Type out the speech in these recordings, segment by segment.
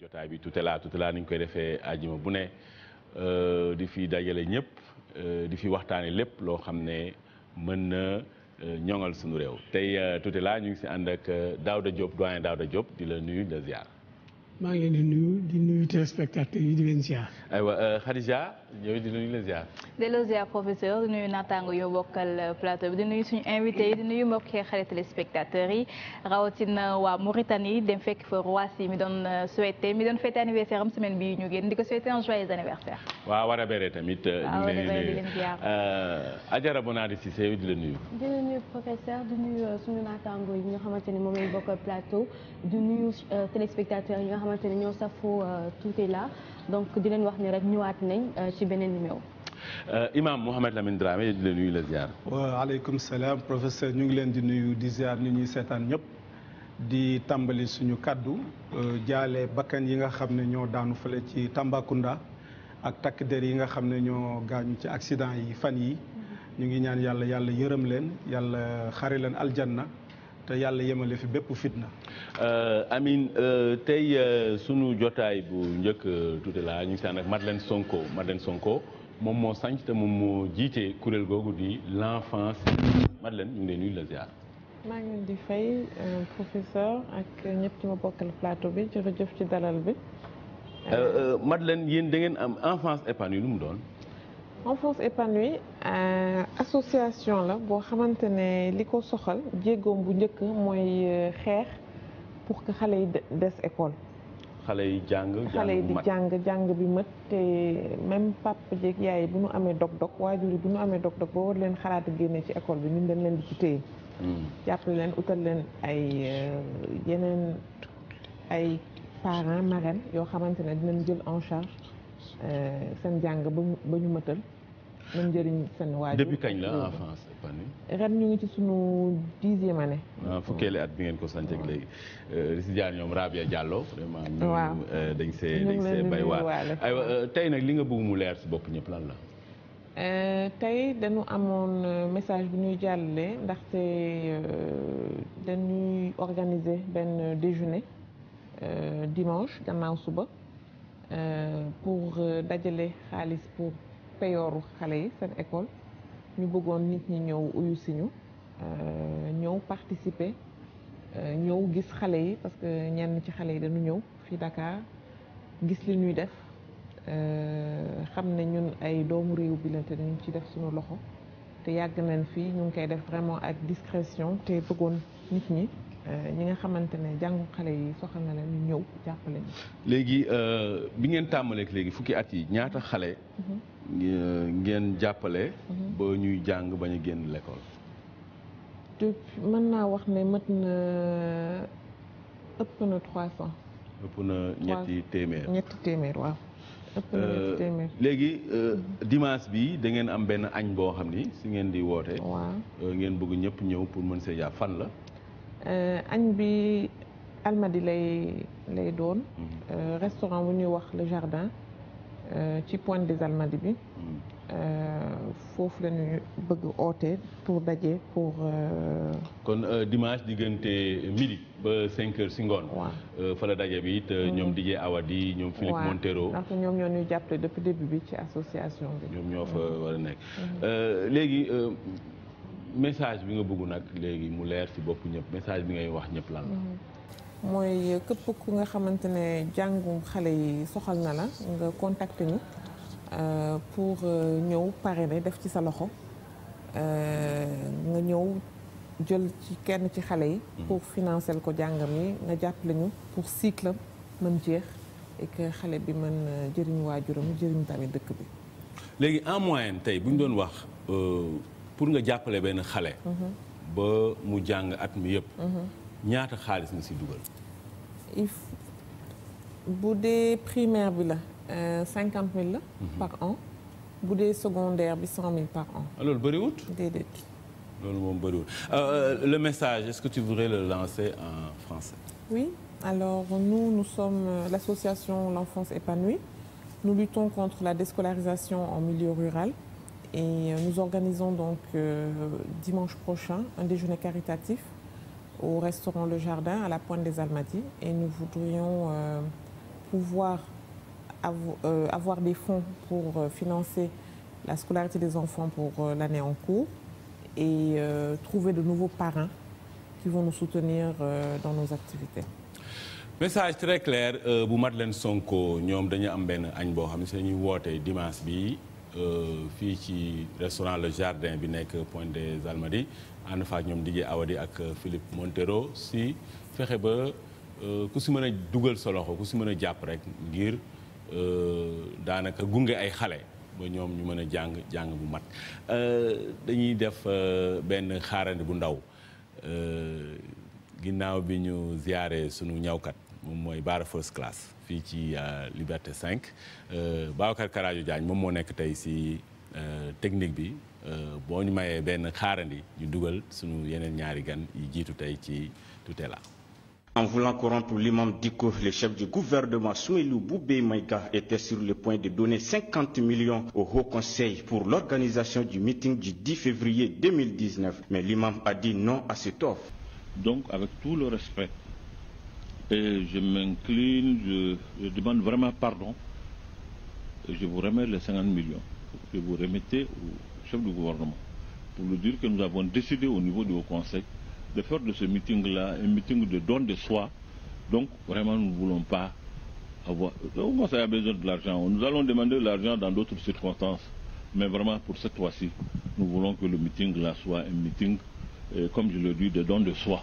jotaay bi tutela tutela ni ñu koy defee ajjuma bu ne euh, di fi dajale ñëpp euh, di fi waxtaane lépp loo xam ne mën na euh, ñoŋal suñu réew tey tutela ñu ngi si ànd ak Daouda Diop doyen Daouda Diop di la nuyu di la ziar. maa ngi leen di nuyu di nuyu téléspectateurs yi di leen ziar. aywa euh, Khadija yow di nuyu la ziar. delloo ziar professeur di nuyu naataango yoo bokkal euh, plateau bi di nuyu suñu invité yi di nuyu mbokki xarit téléspectateurs yi rawatina waa Mauritanie dem fekk fa Roissy mi doon euh, souhaité mi doon fêté anniversaire am semaine bi ñu gen di ko souhaité un joyeux anniversaire. waaw war a béré tamit. waaw war a béré di leen ziar Adjara Bonari di la nuyu. di la nuyu professeur di nuyu yi nga xamante ne di nuyu téléspectateurs yi xamante ni ñoo safoo euh, tuuti la donc di leen wax ni rek ñëwaat nañ euh, ci beneen numéro. Euh, Imam Mouhamed Lamine Dramé di la nuyu la ziar. waaw aleykum salaam professeur ñu ngi leen di nuyu di ziar ñu ñuy seetaan ñëpp. di tàmbali suñu kàddu jaale bakkan yi nga xam ne ñoo daanu fële ci Tambacounda ak takk der yi nga xam ne ñoo gaañu ci accident yi fan yi mm-hmm. ñu ngi ñaan yàlla yàlla yërëm leen yàlla xare leen aljanna te yàlla yemale fi bépp fitna. Euh, Amine euh, tey euh, sunu jotaay bu njëkk tuuti la ñu ngi si ànd ak Sonko Madeleine Sonko moom moo sànc te moom moo jiite kuréel googu di l'enfance Madeleine ñu ngi lay nuyu la ziar. maa ngi leen di fay professeur ak ñëpp ci ma bokkal plateau bi jërëjëf ci dalal bi. Madeleine yéen da ngeen am enfance épanouie lu mu doon. enfance épanouie euh, association la boo xamante ne li ko soxal jéegoom bu njëkk mooy euh, xeex pour que xale yi des école. xale yi jàng xale yi di jàng jàng bi mët te même papa jeeg yaay bu nu amee dog-dog waajur yi bu nu amee dog-dog boo war leen xalaat génne ci école bi ñun dañ leen di ci téye. Hmm. jàppale leen utal leen ay euh, yeneen ay parents marraines yoo xamante ne dinañ jël en charge seen jàng ba ñu ba ñu mëtal. mën njëriñ seen waajur depuis kañ la enfance épanouie ren ñu ngi ci suñu dixième année. waaw ah, fukkeeli at bi ngeen ko sant ak léegi di euh, si jaar ñoom Rabia Diallo vraiment. waaw euh, dañ see euh, tey nag li nga bëgg mu leer si bopp ñëpp lan la. tey dañu amoon message bu ñuy jàllale ndaxte dañuy organiser benn déjeuner dimanche gannaaw suba pour dajale xaalis pour. peyooru xale yi seen école ñu bëggoon nit ñi ñëw uyu si ñu euh, ñëw participer euh, ñëw gis xale yi parce que ñenn ci xale yi dañu ñëw fii Dakar gis li ñuy def euh, xam ne ñun ay doomu réew bi la te dañu ci def suñu loxo te yàgg nañ fii ñu ngi koy def vraiment ak discrétion te bëggoon nit ñi Euh, ñi nga xamante ne jàngu xale yi soxal na leen ñu ñëw jàppale ñu. léegi euh, bi ngeen tàmbaleek léegi fukki at yi ñaata xale. Mhm. ngeen jàppale. Mhm. ba ñuy jàng bañu génn lekkool te mën naa wax ne mët na ëpp na 300. ëpp na ñetti téeméer ñetti téeméer waaw. ëpp na ñetti euh, léegi mhm. dimanche bi da ngeen am benn añ boo xam ni si ngeen di woote. waaw ngeen bëgg ñëpp ñëw pour mën see jàpp fan la. Euh, añ bi almadi lay lay doon. Mhm. Euh, restaurant bu ñuy wax le jardin euh, ci point des almadi bi. Mhm. foofu la ñu bëgg oote pour daje pour. kon dimanche diggante midi ba 5 heures si ngoon. waaw fa la daje bi it mhm. ñoom DJ Awadi ñoom. Philippe waaw. Montero ndax ñoom ñoo ñuy jàppale depuis début bi ci association bi. ñoom ñoo fa war a nekk. léegi message bi nga bëgg nag léegi mu leer ci bopp ñëpp message bi ngay wax ñëpp lan la. Mhm. mooy képp ku nga xamante ne jàngu xale yi soxal na la nga contacter ñu euh, pour euh, ñëw pare parrainer def ci sa loxo euh, nga ñëw jël ci kenn ci xale yi. Mhm. pour financer ko jàngam yi nga jàppale ñu pour cycle mën jeex et que xale bi mën jëriñ waajuram jëriñ tamit dëkk bi. léegi en moyenne tey buñ doon wax. pour nga jàppale benn xale. Mhm. ba mu jàng at mi yëpp. Mhm. ñaata xaalis nga si dugal. bu dee primaire bi la euh, cinquante mille la. Mhm. par an bu dee secondaire bi cent mille par an. loolu bëriwut. déedéet. loolu moom bëriwul euh, euh, le message est-ce que tu voudrais le lancer en français. oui alors nous nous sommes l'association L'Enfance Épanouie nous luttons contre la déscolarisation en milieu rural. Et euh, nous organisons donc euh, dimanche prochain un déjeuner caritatif au restaurant Le Jardin à la Pointe des Almadies. Et nous voudrions euh, pouvoir avo euh, avoir des fonds pour euh, financer la scolarité des enfants pour euh, l'année en cours et trouver de nouveaux parrains qui vont nous soutenir dans nos activités. message très clair bu Madeleine Sonko ñoom dañu am benn añ boo xam woote dimanche bi. Euh, fii ci restaurant Le Jardin bi nekk Pointe des Almadies ànd fa ak ñoom Didier Awadi ak euh, Philippe Montero si fexe ba euh, ku si mën a dugal sa loxo ku si mën a jàpp rek ngir daanaka gunge ay xale ba ñoom ñu mën a jàng jàng bu mat dañuy def benn xaarale bu ndaw ginnaaw bi ñu ziyaare sunu ñawkat moom mooy Bara first class fii ci euh, Liberté 5 euh, Babacar Karajo Diagne moom moo nekk tey si euh, technique bi boo ñu mayee benn xaarandi ñu dugal suñu yeneen ñaari gan yi jiitu tey ci Tutela. En voulant corrompre l'imam Diko, le chef du gouvernement Soumelou Boubé Maïga était sur le point de donner 50 millions au Haut Conseil pour l'organisation du meeting du 10 février 2019. Mais l'imam a dit non à cette offre. Donc, avec tout le respect Et je m'incline, je, demande vraiment pardon. Et je vous remets les 50 millions que vous remettez au chef du gouvernement pour lui dire que nous avons décidé au niveau du Haut Conseil de faire de ce meeting-là un meeting de don de soi. Donc, vraiment, nous ne a besoin de l'argent. Nous allons demander de l'argent dans d'autres circonstances. Mais vraiment, pour cette fois-ci, nous voulons que le meeting soit un meeting, euh, comme je le dis, de don de soi.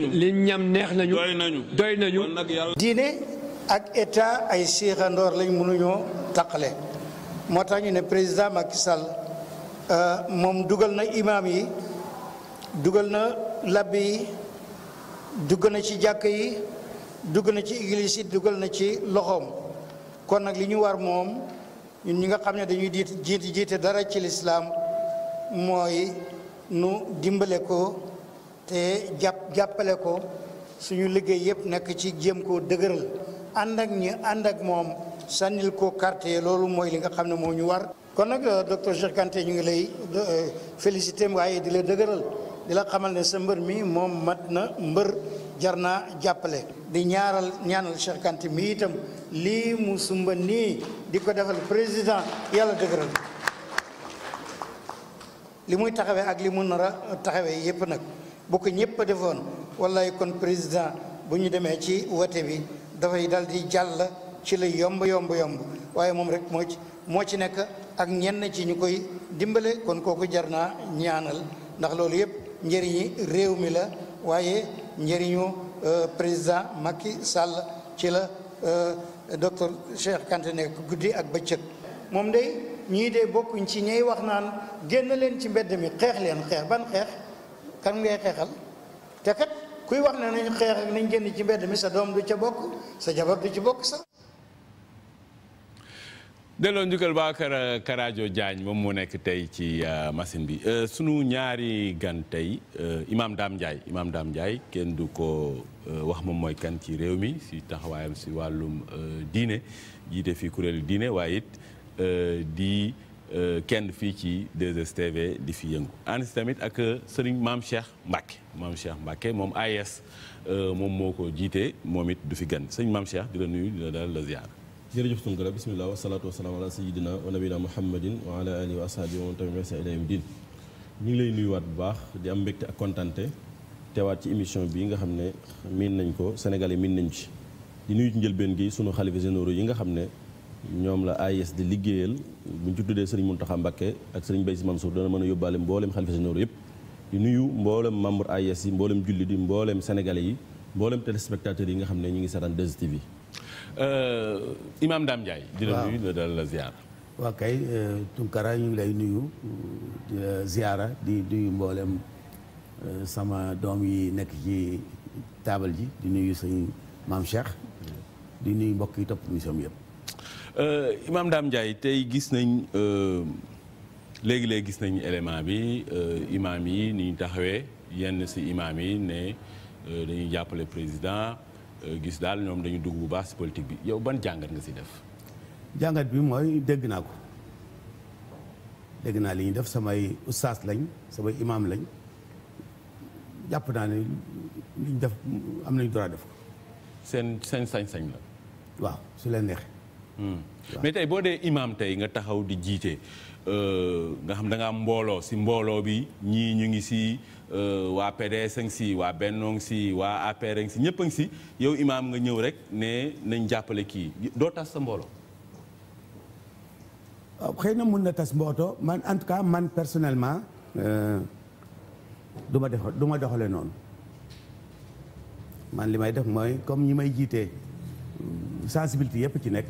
nañu. li ñam neex nañu. doy nañu doy nañu. diine ak état ay seexandoor lañ mënuñoo taqale moo tax ñu ne président Macky Sall euh, moom dugal na imaam yi dugal na labbi yi dugg na ci jàkk yi dugg na ci église yi dugal na ci loxoom kon nag li ñu war moom ñun ñi nga xam ne dañuy diit jiite jiite dara ci lislaam mooy nu dimbale ko. te jàpp jàppale ko suñu liggéey yëpp nekk ci jéem koo dëgëral ànd ak ñi ànd ak moom sànnil ko carte loolu mooy li nga xam ne moo ñu war. kon nag euh, docteur Cheikh Kanté ñu ngi lay euh, félicité waaye di la dëgëral di la xamal ne sa mbër mi moom mat na mbër jar naa jàppale. di ñaaral ñaanal Cheikh Kanté mi itam lii mu sumba nii di ko defal président yàlla dëgëral. li muy taxawee ak li mu nar a taxawee yëpp nag. bu ko ñëpp defoon wallaay kon président bu ñu demee ci wote bi dafay dal di jàll ci la yomb yomb yomb waaye moom rek moo ci moo ci nekk ak ñenn ci ñu koy dimbale kon kooku jar naa ñaanal ndax loolu yëpp njëriñi réew mi la waaye njëriñu euh, président Macky Sall ci la euh, docteur Cheikh Kanté nekk guddi ak bëccëg moom de ñii de bokkuñ ci ñey wax naan génn leen ci mbedd mi xeex leen xeex ban xeex kan ngay xeexal te kat kuy wax ne nañ xeex ak génn ci mbedd mi sa doom du ca bokk sa jabar du ci bokk sa delloo njukkal ba Karajo Diagne moom moo nekk tey ci euh, machine bi euh, sunu ñaari gan tey euh, Imaam daam Ndiaye Imaam Ndiaye kenn du ko wax moom mooy kan ci réew mi si taxawaayam si wàllum diine jiite fi kuréelu diine waaye di. Euh, kenn fii ci 2 di fi yëngu ànd si tamit ak euh, sëriñ maam Cheikh Mbacke maam Cheikh Mbacke moom AIS euh, moom moo ko jiitee moom it du fi gan sëriñ maam Cheikh di la nuyu di la daal la ziar. jërëjëf Tunkara bisimilah wasalaatu wasalaam ala sayyidina wa nabina muhammadin wa ala alihi wa ashabihi wa man ngi lay nuyuwaat bu baax di am mbégte ak kontante teewaat ci émission bii nga xam ne miin nañ ko sénégalais miin nañ ci di nuy ci njëlbeen gi sunu xalifa généraux yi nga xam ne. ñoom la AIS di liggéeyal bu ci tuddee sëriñ Mountakha Mbacké ak sëriñ Baye Sy Mansour dana mën a yóbbaale mboolem xalifa généraux yëpp di nuyu mboolem membre AIS yi mboolem jullit yi mboolem sénégalais yi mboolem téléspectateurs yi nga xam ne ñu ngi seetaan 2STV. Euh, Imaam Dame Ndiaye. waaw di la nuyu la dal la ziar. waa kay euh, ñu ngi lay nuyu di ziara di nuyu mboolem euh, sama doom yi nekk ci taabal ji di nuyu sëñ maam Cheikh. di nuyu mbokk yi topp émission bi yëpp. Euh, imam Dame Ndiaye tey gis nañ euh, léegi léegi gis nañ élément bi euh, imaam yi ni taxawee yenn ci imaam yi ne dañuy jàppale président gis daal ñoom dañu dugg bu baax ci politique bi yow ban jàngat nga ci def. jàngat bi mooy dégg naa ko dégg naa li def samay ustaas lañ samay imaam lañ jàpp naa ne li def am nañu droit def ko. seen seen sañ-sañ la. waaw su leen neex Hmm. mais tey boo dee imaam tey nga taxaw di jiite euh, nga xam danga nga am mbooloo si mbooloo bi ñii ñu ngi si euh, waa PDS a si waa Bennoo si waa APR a si ñëpp a ngi si yow imaam nga ñëw rek ne nañ jàppale kii doo tas sa mboolo ah, xëy na mun na tas mbooto man en tout cas man personnellement. Euh, du ma def du ma noonu man li may def mooy comme ñi may jiitee sensibilité yëpp ci nekk.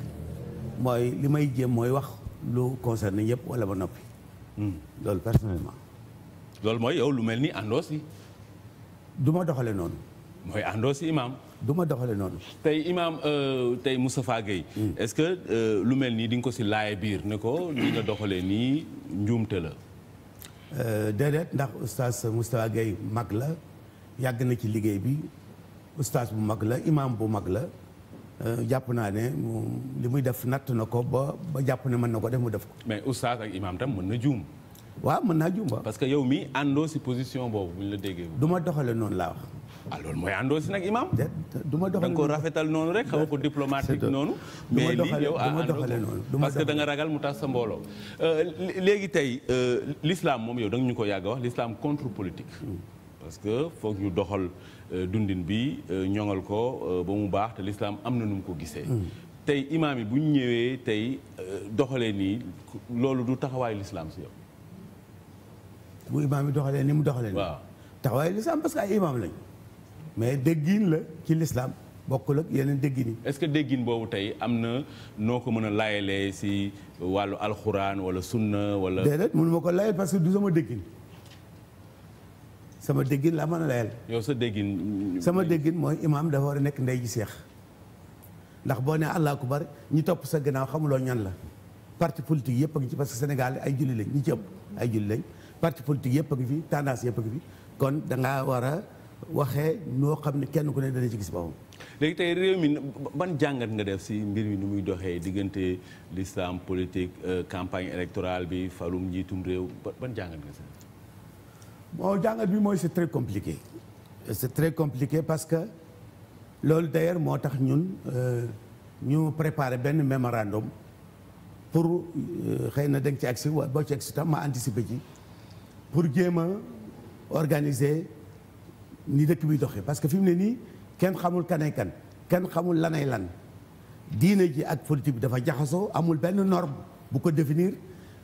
mooy li may jéem mooy wax lu concerné ñëpp wala ba noppi. Hmm. loolu personnellement. loolu mooy yow lu mel ni àndoo si. du doxale noonu. mooy àndoo si imaam. du ma doxale noonu. tey imaam euh, tey Moustapha Gueye. Hmm. est-ce que euh, lu mel nii di ko si laaye biir ne ko li nga doxalee nii njuumte la. Euh, déedéet ndax oustaz Moustapha Gueye mag la yàgg na ci liggéey bi oustaz bu mag la imaam bu mag la. Euh, jàpp naa ne li muy def natt na ko ba ba jàpp ne mën na ko def mu def ko. mais oustaz ak imaam tam mën na juum. waa mën naa juum ba. parce que yow mi àndoo si position boobu bu ñu la déggee. du ma doxale noonu laa wax. ah loolu mooy àndoo si nag imaam. du ma doxale da ko rafetal noonu rek xaw ko diplomatique noonu. mais lii yow à ah, àndoo parce que da nga ragal mu tax sa mbooloo. Euh, léegi tey euh, lislaam moom yow da ñu ko yàgg wax l'islam contre politique. Hmm. parce que foog ñu doxal. Euh, dundin bi euh, ñoŋal ko euh, ba mu baax te lislaam am na nu mu ko gisee hmm. tey imaam yi bu ñu ñëwee tey doxalee nii loolu du taxawaayu lislaam si yow bu imaam yi doxalee ni mu doxalee nii waaw taxawaayu lislaam parce que ay imaam lañ mais déggin la ci lislaam bokkul ak yeneen déggin yi est-ce que déggin boobu tey am na noo ko mën a laayalee si wàllu alxuraan wala sunna wala déedéet mënu ma ko layal parce que du sama déggin sama déggin laa mën a layal. yow sa déggin. Mm, mm. sama déggin mooy imaam dafa war a nekk ndey ji seex ndax boo nee allah akbar ñi topp sa gannaaw xamuloo ñan la parti politique yëpp a ngi ci parce que Sénégal ay julli lañ ci ëpp ay julli lañ parti politique yëpp a ngi fi tendance yëpp a ngi fi kon da ngaa war a waxee noo xam ne kenn ku ne dana ci gis boppam. léegi tey réew mi ban jàngat nga def si mbir mi nu muy doxee diggante l'islam politique euh, campagne électorale bi falum njiitum réew ban jàngat nga si. bon jàngat bi mooy c'est très compliqué c'est très compliqué parce que loolu d'ailleurs moo tax ñun euh, ñu préparer benn mémorandum pour euh, xëy na da nga ci agsi wa boo ci agsi tam ma anticiper ci pour jéem a organiser ni dëkk bi doxee parce que fi mu ne nii kenn xamul kanay kan kenn xamul lanay lan diine ji ak politique bi dafa jaxasoo amul benn norme bu ko définir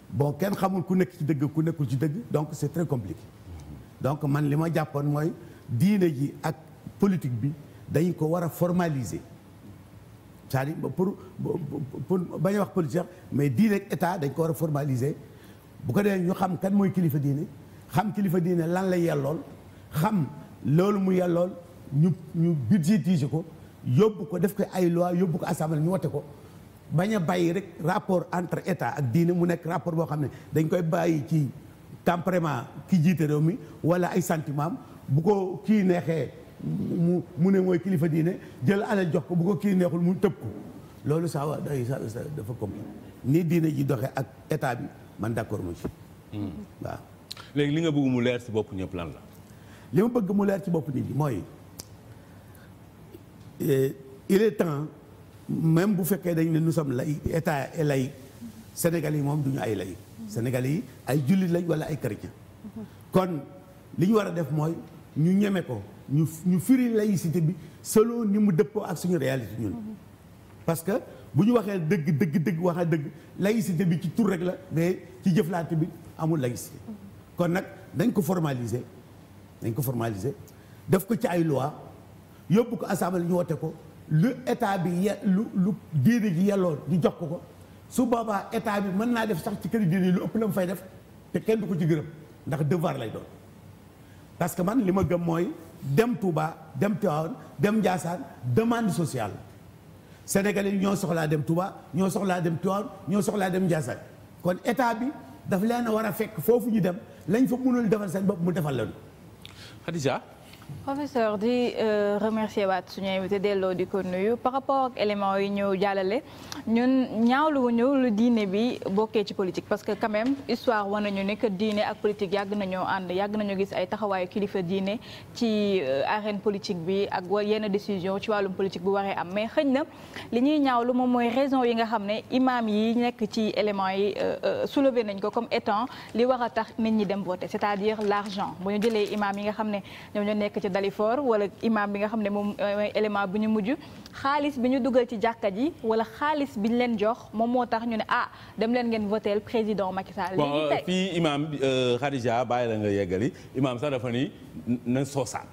bon kenn xamul ku nekk ci dëgg ku nekkul ci dëgg donc c'est très compliqué donc man li ma jàppoon mooy diine ji ak politique bi dañ ko war a formaliser cest à pour pour bañ a wax politique mais diine ak état dañ ko war a formaliser bu ko dee ñu xam kan mooy kilifa diine xam kilifa diine lan la yellool xam loolu mu yellool ñu ñu budgétiser ko yóbbu ko def ko ay loi yóbbu ko assemblée ñu wote ko bañ a bàyyi rek rapport entre état ak diine mu nekk rapport boo xam ne dañ koy bàyyi ci tempérament ki jiite réew mi wala ay sentiment bu ko kii neexee mu mu ne mooy kilifa diine jël alal jox ko bu ko kii neexul mu tëb ko loolu sax va day ça dafa compliqué ni diine ji doxee ak état bi man d'accord mu ci hmm. waaw léegi li nga bëgg mu leer ci bopp ñëpp lan la li bëgg mu leer ci bopp nit ñi mooy eh, il est temps même bu fekkee dañ ne nous sommes lay état et lay Sénégal yi moom du ñu ay lay sénégal yi ay jullit lañ wala ay chrétien kon li ñu war a def mooy ñu ñeme ko ñu ñu firi laïcité bi selon ni mu dëppoo ak suñu réalité ñun parce que bu ñu waxee dëgg dëgg dëgg waxee dëgg laïcité bi ci tur rek la mais ci jëflaate bi amul laïcité kon nag dañ ko formaliser dañ ko formaliser def ko ci ay loi yóbbu ko assemblée ñu wote ko lu état bi ye lu lu diine ji yelloo ñu jox ko ko su boobaa état bi mën naa def sax ci kër diine lu ëpp la mu fay def te kenn du ko ci gërëm ndax devoir lay doon parce que man li ma gëm mooy dem Touba dem Tivaouane dem Ndiassane demande sociale Sénégalais yi ñoo soxlaa dem Touba ñoo soxlaa dem Tivaouane ñoo soxlaa dem Ndiassane kon état bi daf leen a war a fekk foofu ñu dem lañ fa mënul defal seen bopp mu defal leen Khadija professeur di euh, remercier waat suñu invité delloo di ko nuyu par rapport ak éléments yi ñu jàllale ñun ñaawlu wuñu lu diine bi bokkee ci politique parce que quand même histoire wan nañu ne que diine ak politique yàgg nañoo ànd yàgg nañu gis ay taxawaayu kilifa diine ci euh, arène politique bi ak yenn décision ci wàllum politique bu waree am mais xëñ na li ñuy ñaawlu moom mooy raison yi nga xam ne imam yi nekk ci éléments yi euh, soulevé nañ ko comme étant li war a tax nit ñi ñu jëlee imam yi nga nekk ci Dalifort wala imam bi nga xam ne moom euh, élément bu ñu mujj xaalis bi ñu dugal ci jàkka ji wala xaalis bi ñu leen jox moom moo tax ñu ne ah dem leen ngeen votel président Macky Sall. léegi tey euh, fii imam euh, la nga yeggali imam sax dafa ni na soosaan.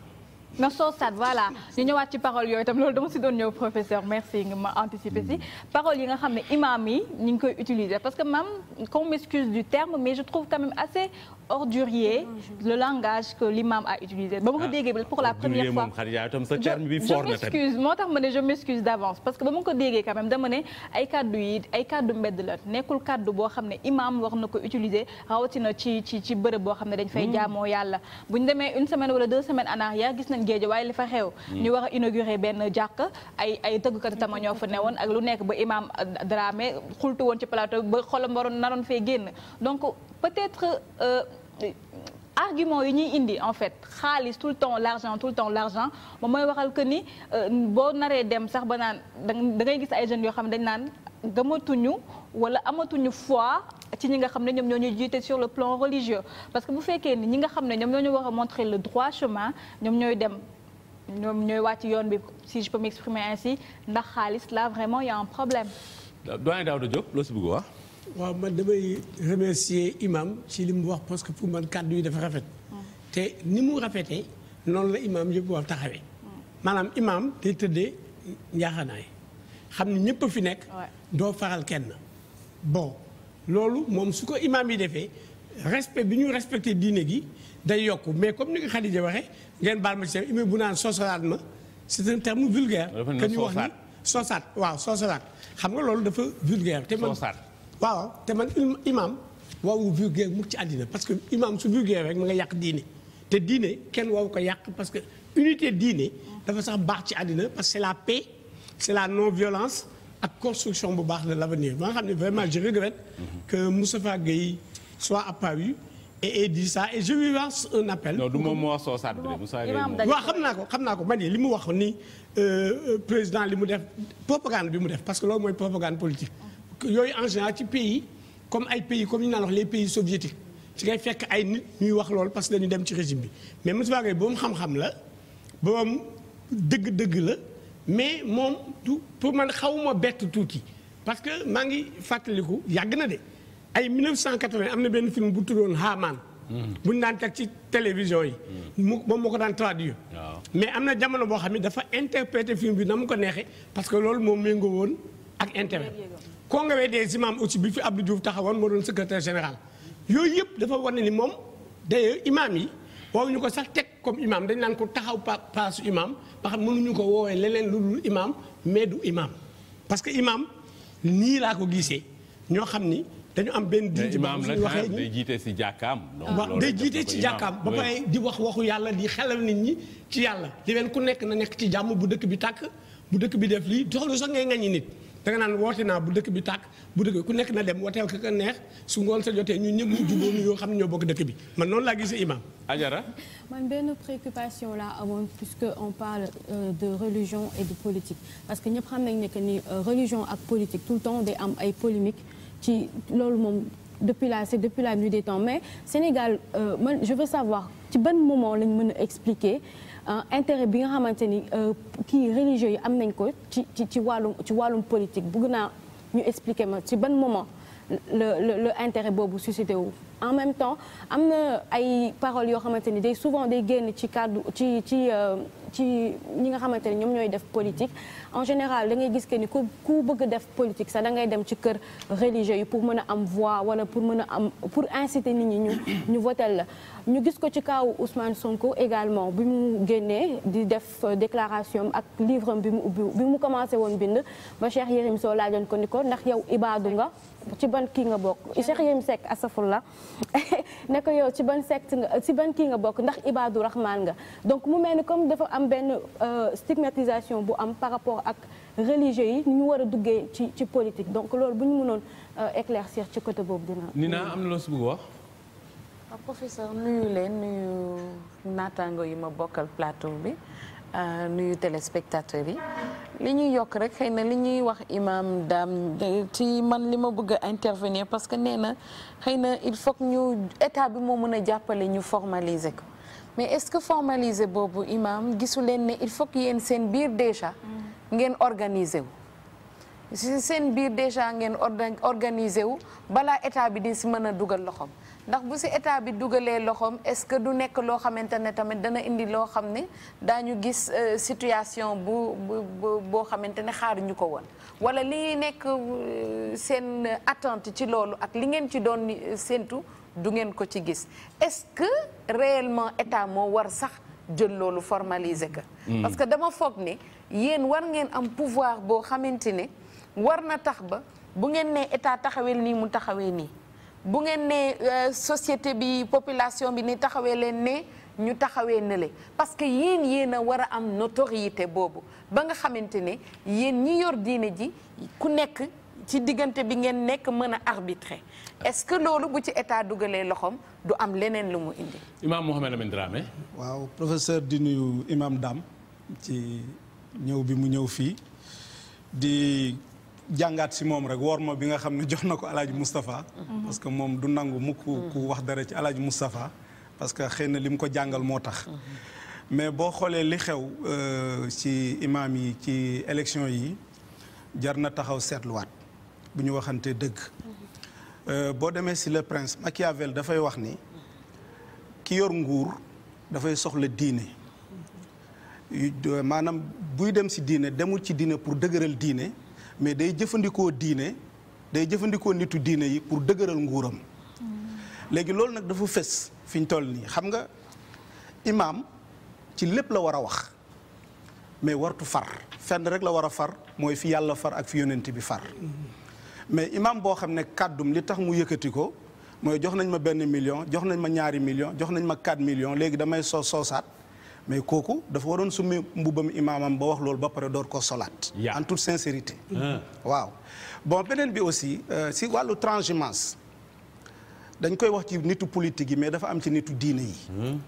na soosaat voilà ñu ñëwaat ci parole yooyu itam loolu dama si doon ñëw professeur merci nga ma anticiper si hmm. parole yi nga xam ne imam yi koy utiliser parce que maam qu'on m'excuse du terme mais je trouve quand même assez ordurier le langage que l'imam a utilisé ba ma ko ah, déggee pour la première fois je moo tax ma ne je m'excuse d'avance parce que ba ma ko déggee quand même dama ne ay kàddu yi ay kàddu mbedd la nekkul kàddu boo xam ne imam war na ko utiliser rawatina ci ci ci bërëb boo xam ne dañ fay hmm. jaamoo yàlla bu demee une semaine wala deux semaines en arrière gis nañ géej waaye li fa xew hmm. ñu war a benn jàkk ay ay tëggkat tama ñoo fa ak lu nekk ba imam euh, Dramé woon ci plateau ba xolam waroon naroon fee génn donc argument yi ñuy indi en fait xaalis tout le temps l'argent tout le temps l'argent moom mooy waxal que ni euh, boo naree dem sax ba naan da ngay gis ay jeunes yoo xam ne dañ naan gëmatuñu wala amatuñu foi ci ñi nga xam ne ñoom ñoo ñu jiite sur le plan religieux parce que bu fekkee ni ñi nga xam ne ñoom ñoo ñu war a montrer le droit chemin ñoom ñooy dem ñoom ñooy ci yoon bi si je peux m'exprimer ainsi ndax xaalis laa vraiment il y a un problème. doyen Daouda Diop loo si bëgg wax. waaw man damay remercier imam ci li mu wax parce que pour man kàddu yi dafa rafet. te ni mu rafetee noonu la imam yëpp war taxawee. maanaam imam day tëddee njaaxanaay xam ne ñëpp fi nekk. doo faral kenn. bo loolu moom su ko imam yi defee respect bi ñu respecté diine gi day yokk mais comme ni nga Khadija waxee ngeen baal ma ci imam bu naan sosalaat ma c'est un terme vulgaire. que ñu wax ni sosaat waaw sosalaat xam nga loolu dafa vulgaire. te man waaw te man imam waawu vulgaire mukk ci àddina parce que imaam su vulgaire rek mu nga yàq diine te diine kenn waru ko yàq parce que unité diine dafa sax baax ci àddina parce que c'est la paix c'est la non violence ak construction bu baax de l'avenir ba nga xam ne vraiment je regrette que Moustapha Gueye soit apparu et dit ça et je lui lance un appel. du moom moo wax soo saat bi de Moussa Gueye xam naa ko xam naa li mu wax ni euh, président li mu def propagande bi mu def parce que loolu mooy propagande politique. yooyu en général ci pays comme ay pays comme ñu naan wax les pays soviétiques ci ngay fekk ay nit ñuy wax loolu parce que dañu dem ci régime bi mais Moustapha Gueye boobu xam-xam la boobu dëgg-dëgg la mais moom du pour man xawuma bett tuuti parce que maa ngi fàttaliku yàgg na de ay 1980 am na benn film bu tuddoon Haamaan hmm. buñ daan teg ci télévision yi hmm. mu moom moo ko daan traduire mais am na jamono boo xam ne dafa interpréter film bi na mu ko neexee parce que loolu moom méngoo woon ak internet congrès des imams aussi bi fi Abdou Diouf taxawoon moo doon secrétaire général yooyu yëpp dafa wane ni moom d'ailleurs imam yi waruñu ko sax teg comme imaam dañu naan ko taxaw pa paasu imam ba xam mënuñu ko woowee leneen lu dul imam mais du imam parce que imam nii laa ko gisee ñoo xam ni dañu am benn dindi ba suñu waxee day jiite ah, ci jàkkaam waaw day jiite ci jàkkaam ba pare di wax waxu yàlla di xelal nit ñi ci yàlla li leen ku nekk na nekk ci jàmm bu dëkk bi tàkk bu dëkk bi def lii doxalu sax ngay ngañi nit danga naan woote naa bu dëkk bi tàkk bu dëkk bi ku nekk na dem wooteel ka neex su ngoon sa jotee ñun ñëpp ñu jubóo yoo xam ne ñoo bokk dëkk bi man noonu laa gisee imam Ajara man benn préoccupation laa on parle euh, de religion et parce que ñëpp xam nañ ne que ni euh, religion ak politique tout le temps day am ay polémique ci loolu moom depuis la c'est depuis la nuit des temps mais Sénégal euh, man je veux savoir ci ban moment lañ mën a expliquer Euh, intérêt bi nga xamante ni euh, kii religieux yi am nañ ko ci ci ci wàllum ci wàllum politique bëgg naa ñu expliquer ma ci ban moment le le le intérêt boobu suscité wu. en même temps am na ay paroles yoo xamante ni day souvent day génn ci cadre ci ci euh, ci ñi nga xamante ni ñoom ñooy def politique. en général da ngay gis que ni ku ku bëgg def politique sax da dem ci kër religieux yi pour mën a am voix wala pour mën a am pour inciter nit ñi ñu ñu votel la ñu gis ko ci kaaw Ousmane Sonko également bi mu génnee di def déclaration ak livre bi mu ubbi bi mu commencé woon bind ba Cheikh Yérim Sow laajoon ko ni ko ndax yow ibaadu nga ci ban kii nga bokk Cheikh Yérim Seck asafullah la ko yow ci ban secte nga ci ban kii nga bokk ndax ibaadu rahmaan nga donc mu mel ak religieux yi ñu war a duggee ci ci politique donc loolu bu ñu mënoon euh, éclaircir ci côté boobu dina. Nina am na loo si bëgg wax. waaw ah, nuyu leen nuyu naataango yi ma bokkal plateau bi euh, nuyu spectateur yi li ñuy yokk rek xëy na li ñuy wax imam daam ci man li ma bëgg a intervenir parce que nee na xëy na il faut que ñu état bi moo mën a jàppale ñu formaliser ko mais est-ce que formaliser boobu imam gisu leen ne il faut que yéen seen biir déjà mm. ngeen organiser wu si seen biir déjà ngeen organiser wu balaa état bi di si mën a dugal loxoom ndax bu si état bi dugalee loxoom est-ce que du nekk loo xamante ne tamit dana indi loo xam ne daañu gis euh, situation bu boo xamante ne xaaruñu ko woon walla li nekk euh, seen attente ci loolu ak li ngeen ci doon euh, séentu du ngeen ko ci gis est-ce que réellement état moo war sax jël loolu formaliser ko hmm. parce que dama foog ni yéen war ngeen am pouvoir boo xamante ne war na tax ba bu ngeen nee état taxawee nii mu taxawee nii bu ngeen nee euh, société bi population bi ni taxawee leen ne ñu taxawee na parce que yéen yéen a war a am notoriété boobu ba nga xamante ne yéen ñi yor diine ji ku nekk ci diggante bi ngeen nekk mën a arbitrer est-ce que loolu bu ci état dugalee loxoom du am leneen lu mu indi. imaam Mouhamed Lamine Dramé. waaw professeur di nuyu imaam Dam ñëw bi mu ñëw fii di jàngaat si moom rek woor ma bi nga xam ne jox na ko El Hadj Moustapha. parce que moom du nangu mukk ku wax dara ci El Hadj Moustapha parce que xëy na li mu ko jàngal moo tax. mais boo xoolee li xew euh, ci imaam yi ci élection yi jar na taxaw seetluwaat bu ñu waxantee dëgg. Euh, boo demee si le prince Machiavel dafay wax ni ki yor nguur dafay soxla diine. maanaam buy dem si diine demul ci diine pour dëgëral diine mais day jëfandikoo diine day jëfandikoo nitu diine yi pour dëgëral nguuram léegi loolu nag dafa fes fi ñu toll nii xam nga imaam ci lépp la war a wax mais wartu far fenn rek la war a far mooy fi yàlla far ak fi yonent bi far mais imaam boo xam ne kàddum li tax mu yëkkati ko mooy jox nañ ma benn million jox nañ ma ñaari million jox nañ ma 4 million léegi damay soo soosaat mais kooku dafa waroon summi mbubbam imaamam ba wax loolu ba pare door koo solaat en toute sincérité ah. waaw bon beneen bi aussi euh, si wàllu transhumance dañ koy wax ci nitu politique yi mais dafa am ci nitu diine yi hmm.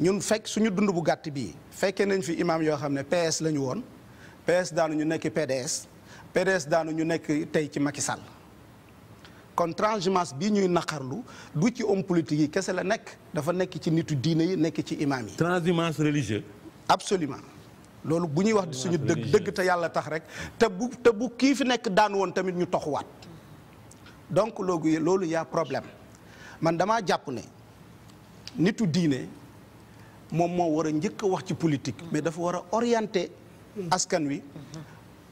ñun fekk suñu dund bu gàtt bii fekkee nañ fi imaam yoo xam ne PS la ñu woon PS daanu ñu nekk PDS PDS daanu ñu nekk tey ci Macky Sall kon transhumance bi ñuy naqarlu du ci homme politique yi kese la nekk dafa nekk ci nitu diine yi nekk ci imaam yi. transhumance religieux. absolument loolu bu ñuy wax suñu dëgg dëgg te yàlla tax rek te bu te bu kii fi nekk daan woon tamit ñu toxuwaat donc loolu loolu y' problème man damaa jàpp ne nitu diine moom moo war a njëkk a wax ci politique. mais dafa war a orienter askan wi.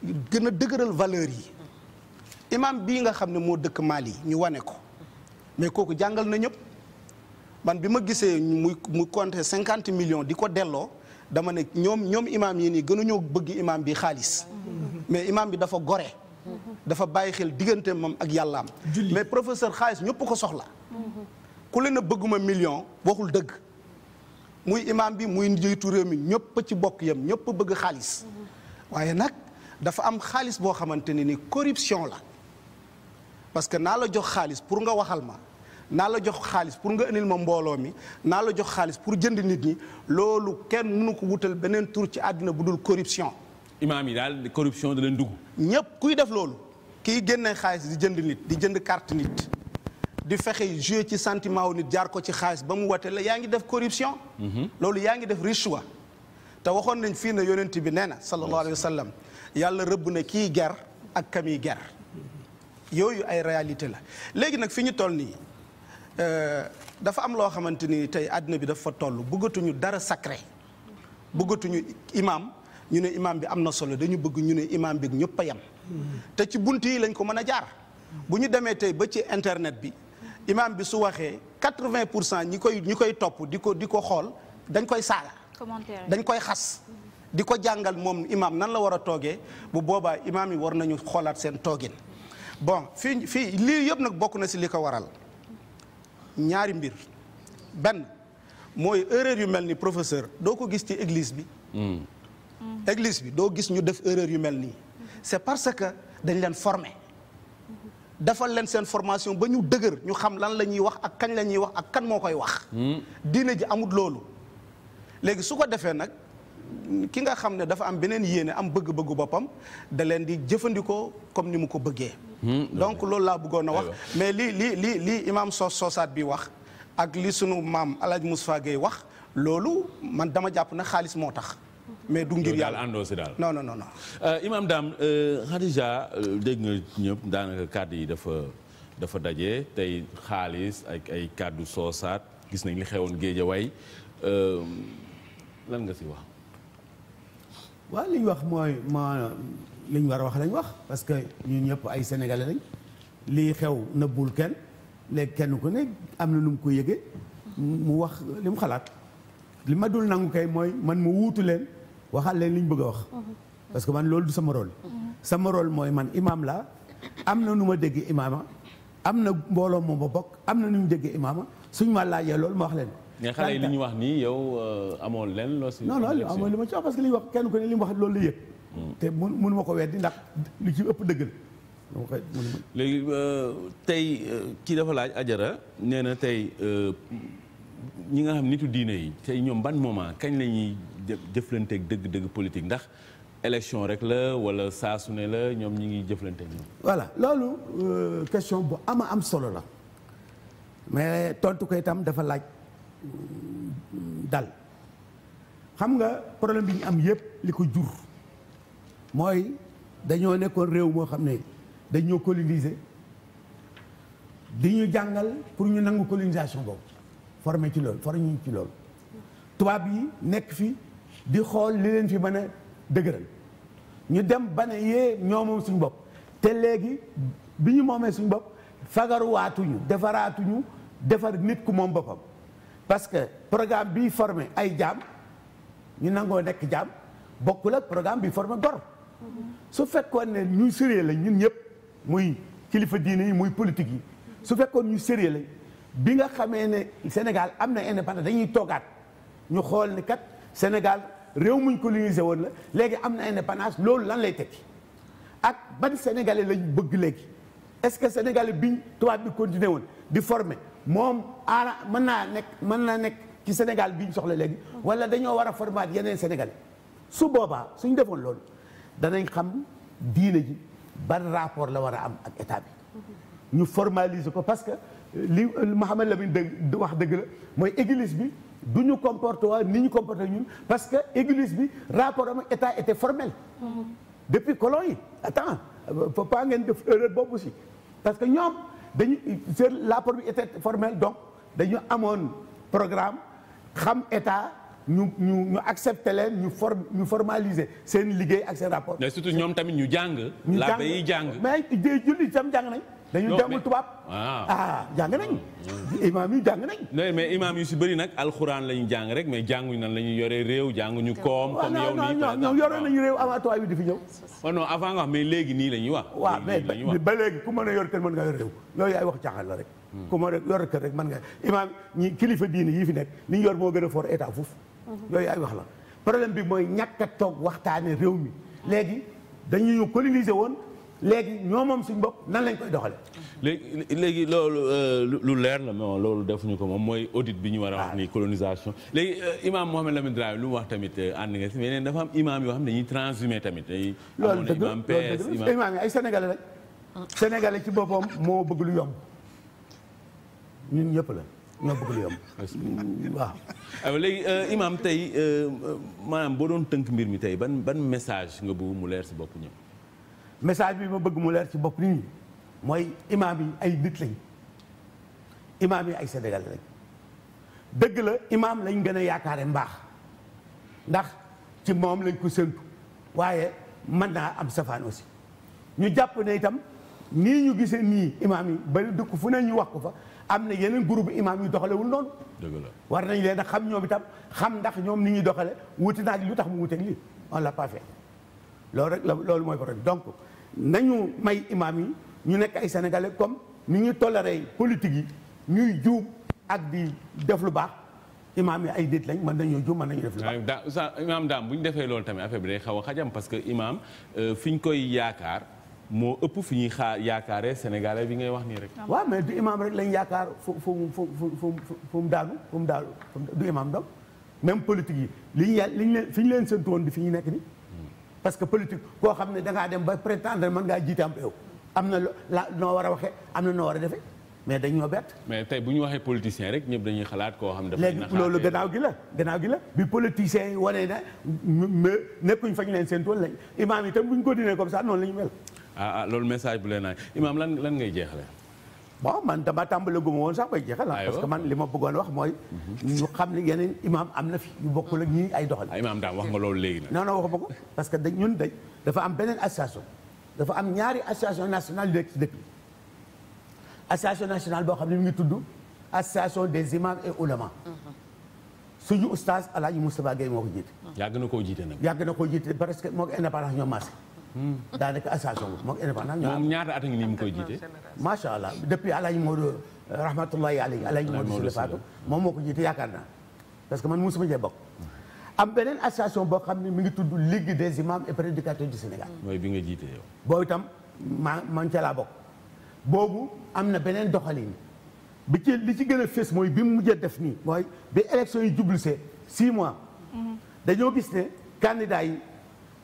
gën a dëgëral valeur yi. imam bii nga xam ne moo dëkk Mali ñu wane ko mais kooku jàngal na ñëpp man bi ma gisee muy mu compter cinquante million di ko delloo dama ne ñoom ñoom imam yi nii gënuñoo bëgg imam bi xaalis mais imam bi dafa gore dafa bàyyi xel diggante moom ak yàllaam mais professeur xaalis ñëpp ko soxla ku leen a bëgguma million waxul dëgg muy imam bi muy njiitu réew mi ñëpp ci bokk yam ñëpp bëgg xaalis waaye nag dafa am xaalis boo xamante ne ni corruption la parce que naa la jox xaalis pour nga waxal ma naa la jox xaalis pour nga indil ma mbooloo mi naa la jox xaalis pour jënd nit ñi loolu kenn mënu ko wutal beneen tur ci àddina bu dul corruption. imaam yi daal corruption da leen dugg. ñëpp kuy def loolu kiy génne xaalis di jënd nit di jënd carte nit di fexe jouer ci sentiment wu nit jaar ko ci xaalis ba mu wate la yaa ngi def corruption. Mhm. loolu yaa ngi def riche te waxoon nañ fii ne yonent bi nee na sallallahu sallam yàlla rëbb na kii ger ak kami yooyu ay réalité la léegi nag fi ñu toll nii euh, dafa am loo xamante ni tey àddina bi dafa toll bëggatuñu dara sacré bëggatuñu imaam ñu ne imaam bi am na solo dañu bëgg ñu ne imaam bi ñëpp a yem te ci bunt yi lañ ko mën a jaar bu ñu demee tey ba ci internet bi imaam bi su waxee quatre-vingt pour cent ñi koy ñi koy topp di ko di ko xool dañ koy saaga dañ koy xas di ko jàngal moom imaam nan la war a toogee bu boobaa imaam yi war nañu xoolaat seen toogin bon fii fii lii yëpp nag bokk na si li ko waral ñaari mbir benn mooy erreur yu mel ni professeur doo ko gis ci église bi. Hmm. Hmm. église bi doo gis ñu def erreur yu mel nii. c'est parce que dañ leen former defal leen seen formation ba ñu dëgër ñu xam lan la ñuy wax ak kañ la ñuy wax ak kan moo koy wax. Hmm. diine ji amut loolu. léegi su ko defee nag ki nga xam ne dafa am beneen yéene am bëgg-bëggu boppam da leen di jëfandikoo comme ni mu ko bëggee. Hmm, donc loolu laa bëggoon a wax mais li li li li imam soos soosaat bi wax ak li sunu maam El Hadj Moussa wax loolu man dama jàpp na xaalis moo tax mais du ngir yàlla àndoo si daal non non non euh, imam euh, euh, dégg nga ñëpp daanaka yi dafa dafa daje tey xaalis ay kàddu soosaat gis nañ li xewoon way lan nga si wax waa li wax mooy ma li war a wax lañ wax parce que ñun ñëpp ay sénégalais lañ lii xew na nëbbul kenn léegi kenn ku ne am na nu mu ko yëgee mu wax li mu xalaat li ma dul nangu kay mooy man mu wuutu leen waxal leen li ñu bëgg a wax parce que man loolu du sama rôle sama rôle mooy man imaam laa am na nu ma dégg imaama am na mbooloo moom ma bokk am na nu ñu dégg imaama suñu ma laajee loolu ma wax leen mais xale yi li ñu wax nii euh, ma ci wax parce que wax kenn ku ne li mu wax loolu la yëg te mun munuma ma ko weddi ndax li ci ëpp dëgg la léegi euh, tey euh, kii dafa laaj ajara nee na tey euh, ñi nga xam nitu diine yi tey ñoom ban moment kañ la ñuy jëflanteeg dëgg-dëgg politique ndax élection rek la wala saa su ne la ñoom ñi ngi jëflanteeg ñoom voilà loolu question bu ama am solo la mais tontu ko itam dafa laaj dal xam nga problème bi ñu am yëpp li ko jur mooy dañoo nekkoon réew moo xam ne dañoo coloniser di ñu jàngal pour ñu nangu colonisation boobu formé ci loolu formé ñu ci lool tubaab yi nekk fi di xool li leen fi mën a dëgëral ñu dem ba ne yee ñoo suñu bopp te léegi bi ñu moomee suñu bopp fagaruwaatuñu defaraatuñu defar nit ku moom boppam parce que programme bi formé ay jaam ñu nangoo nekk jaam bokkul ak programme bi formé gor su fekkoon ne ñuy sérieux lañ ñun ñëpp muy kilifa diine yi muy politique yi su fekkoon ñu série lañ bi nga xamee ne Sénégal am na indépendance dañuy toogaat ñu xool ni kat Sénégal réew muñ colonisé woon la léegi am na indépendance loolu lan lay tekki ak ban sénégalais lañ bëgg léegi est-ce que sénégalais biñ tubaab bi continué di former moom aara mën naa nekk mën naa nekk ci Sénégal bi ñu soxla léegi wala dañoo war a formaat yeneen sénégalais su boobaa suñ defoon loolu danañ xam diine ji ban rapport la war a am ak état bi ñu formaliser ko parce que euh, li euh, Mouhamed Lamine dëgg wax dëgg la mooy église bi du ñu comporte waa ni ñu comporte ñun parce que église bi rapport am ak état était formel mm-hmm. depuis colon yi attends euh, faut pas ngeen def erreur boobu si parce que ñoom dañu seen rapport bi était formel donc dañu amoon programme xam état ñu ñu ñu accepté leen ñu for ñu formaliser seen liggéey ak seen rapport. mais surtout ñoom tamit ñu jàng. ñu yi jàng. mais day julli itam jàng nañ. dañu jàngul tubaab. ah jàng nañ. imaam yu jàng nañ. mais imaam yu si bëri nag alxuraan la ñu jàng rek mais jànguñu nan la ñuy yoree réew jànguñu koom. Ah, comme yow nii par exemple yore nañu ah. réew avant di fi ñëw. oh non avant nga wax mais léegi nii la ñuy wax. waaw mais ba léegi ku a yor kër mën nga yor yaay wax caaxaan la rek. Hmm. ku mën a yor kër rek mën nga imaam ñi kilifa diine yi fi nekk li ñu yor moo gën a for état foofu yooyu ay wax la problème bi mooy ñàkk a toog waxtaane réew mi léegi dañuy coloniser woon léegi ñoo moom suñu bopp nan lañ koy doxale léegi léegi euh, lu leer la mais loolu defuñu ko moom mooy audit bi ñu war a wax ah. ni colonisation léegi euh, imaam Mohamed Lamine Dramé lu wax tamit euh, ànd nga si mais dafa am imaam yoo xam ne dañuy transhumé tamit dañuy loolu dëgg imaam PS imaam yi ay sénégalais lañ ah. ci boppam moo bëgg lu yomb ñun ñëpp la noo bëgg lu yomb waaw léegi euh, imam tey euh, euh, maanaam boo doon tënk mbir mi tey ban ban message nga bëgg mu leer si bopp ñëw message bi ma bëgg mu leer si bopp nit ñi mooy imam yi ay nit lañ imam yi ay Sénégal rek dëgg la imam lañ gën a yaakaare mbaax ndax ci moom lañ ko séntu waaye man naa am safaan aussi ñu jàpp ne itam nii ñu gisee nii imam yi bari dëkk fu ne ñu wax ko fa am na yeneen groupe imam yu wul noonu. dëgg la war nañ leen a xam ñoom itam xam ndax ñoom ni ñuy doxale wuti naa lu tax mu wuteeg lii on l'a pas fait loolu rek loolu mooy problème donc nañu may imam yi ñu nekk ay sénégalais comme ni ñuy toléré politique yi ñuy juub ak di def lu baax imaam yi ay déet lañ mën nañoo juum mën nañu def lu baax. daa imaam daam bu ñu defee loolu tamit affaire bi day xaw a xajam parce que imaam euh, fi ñu koy yaakaar. moo ëpp fi ñuy xaar yaakaare sénégalais bi ngay wax nii rek. waa mais du imam rek lañ yaakaar fu fu fu fu fu mu daanu fu mu daanu du imam donc même politique yi li ñu li fi ñu leen séntu woon di fi ñu nekk nii. parce que politique koo xam ne da ngaa dem ba prétendre mën ngaa jiite am réew. am na la noo war a waxe am na noo war a defee mais dañ ñoo bett. mais tey bu ñu waxee politicien rek ñëpp dañuy xalaat koo xam. dafay naxaatee léegi loolu gannaaw gi la gannaaw gi la. bi politicien yi wane na nekkuñ fa ñu leen séntu woon lañ imaam itam bu ñu continuer comme ça noonu la ñu mel. ah ah loolu message bu leen naan Imaam lan lan ngay jeexale bon man dama tàmbale guma woon sax bay jeexal ah parce que man li ma bëggoon wax mooy xam ne yeneen imaam am na fi ñu bokkul ak ñi ay doxal ah, imaam daam wax nga loolu léegi nag non non waxuma ko parce que dañ ñun dañ dafa am beneen association dafa am ñaari association nationale yu nekk ci dëkk association nationale boo xam ne mi ngi tudd association des imams et oulémas suñu oustaz Alaaji Moustapha Gueye moo ko jiite yàgg na koo jiite nag yàgg na koo jiite parce que moo ko indépendance ñoom Hmm. daanaka association moom indépendant. moom ñaata nii mu koy jiite. macha allah depuis Alaaji Modou eh, rahmatullahi alayhi Alaaji Modou moom moo ko jiite yaakaar naa parce que man mosuma cee bok am beneen association boo xam ne mi ngi tudd Ligue des imams et prédicateurs du Sénégal. mooy bi nga jiite yow. boobu itam maa man ca bok boobu am na beneen doxalin bi ci li ci gën a fës mooy bi mu mujjee def nii. mooy bi élection yi jublu see six mois. Mm-hmm. dañoo gis ne candidat yi.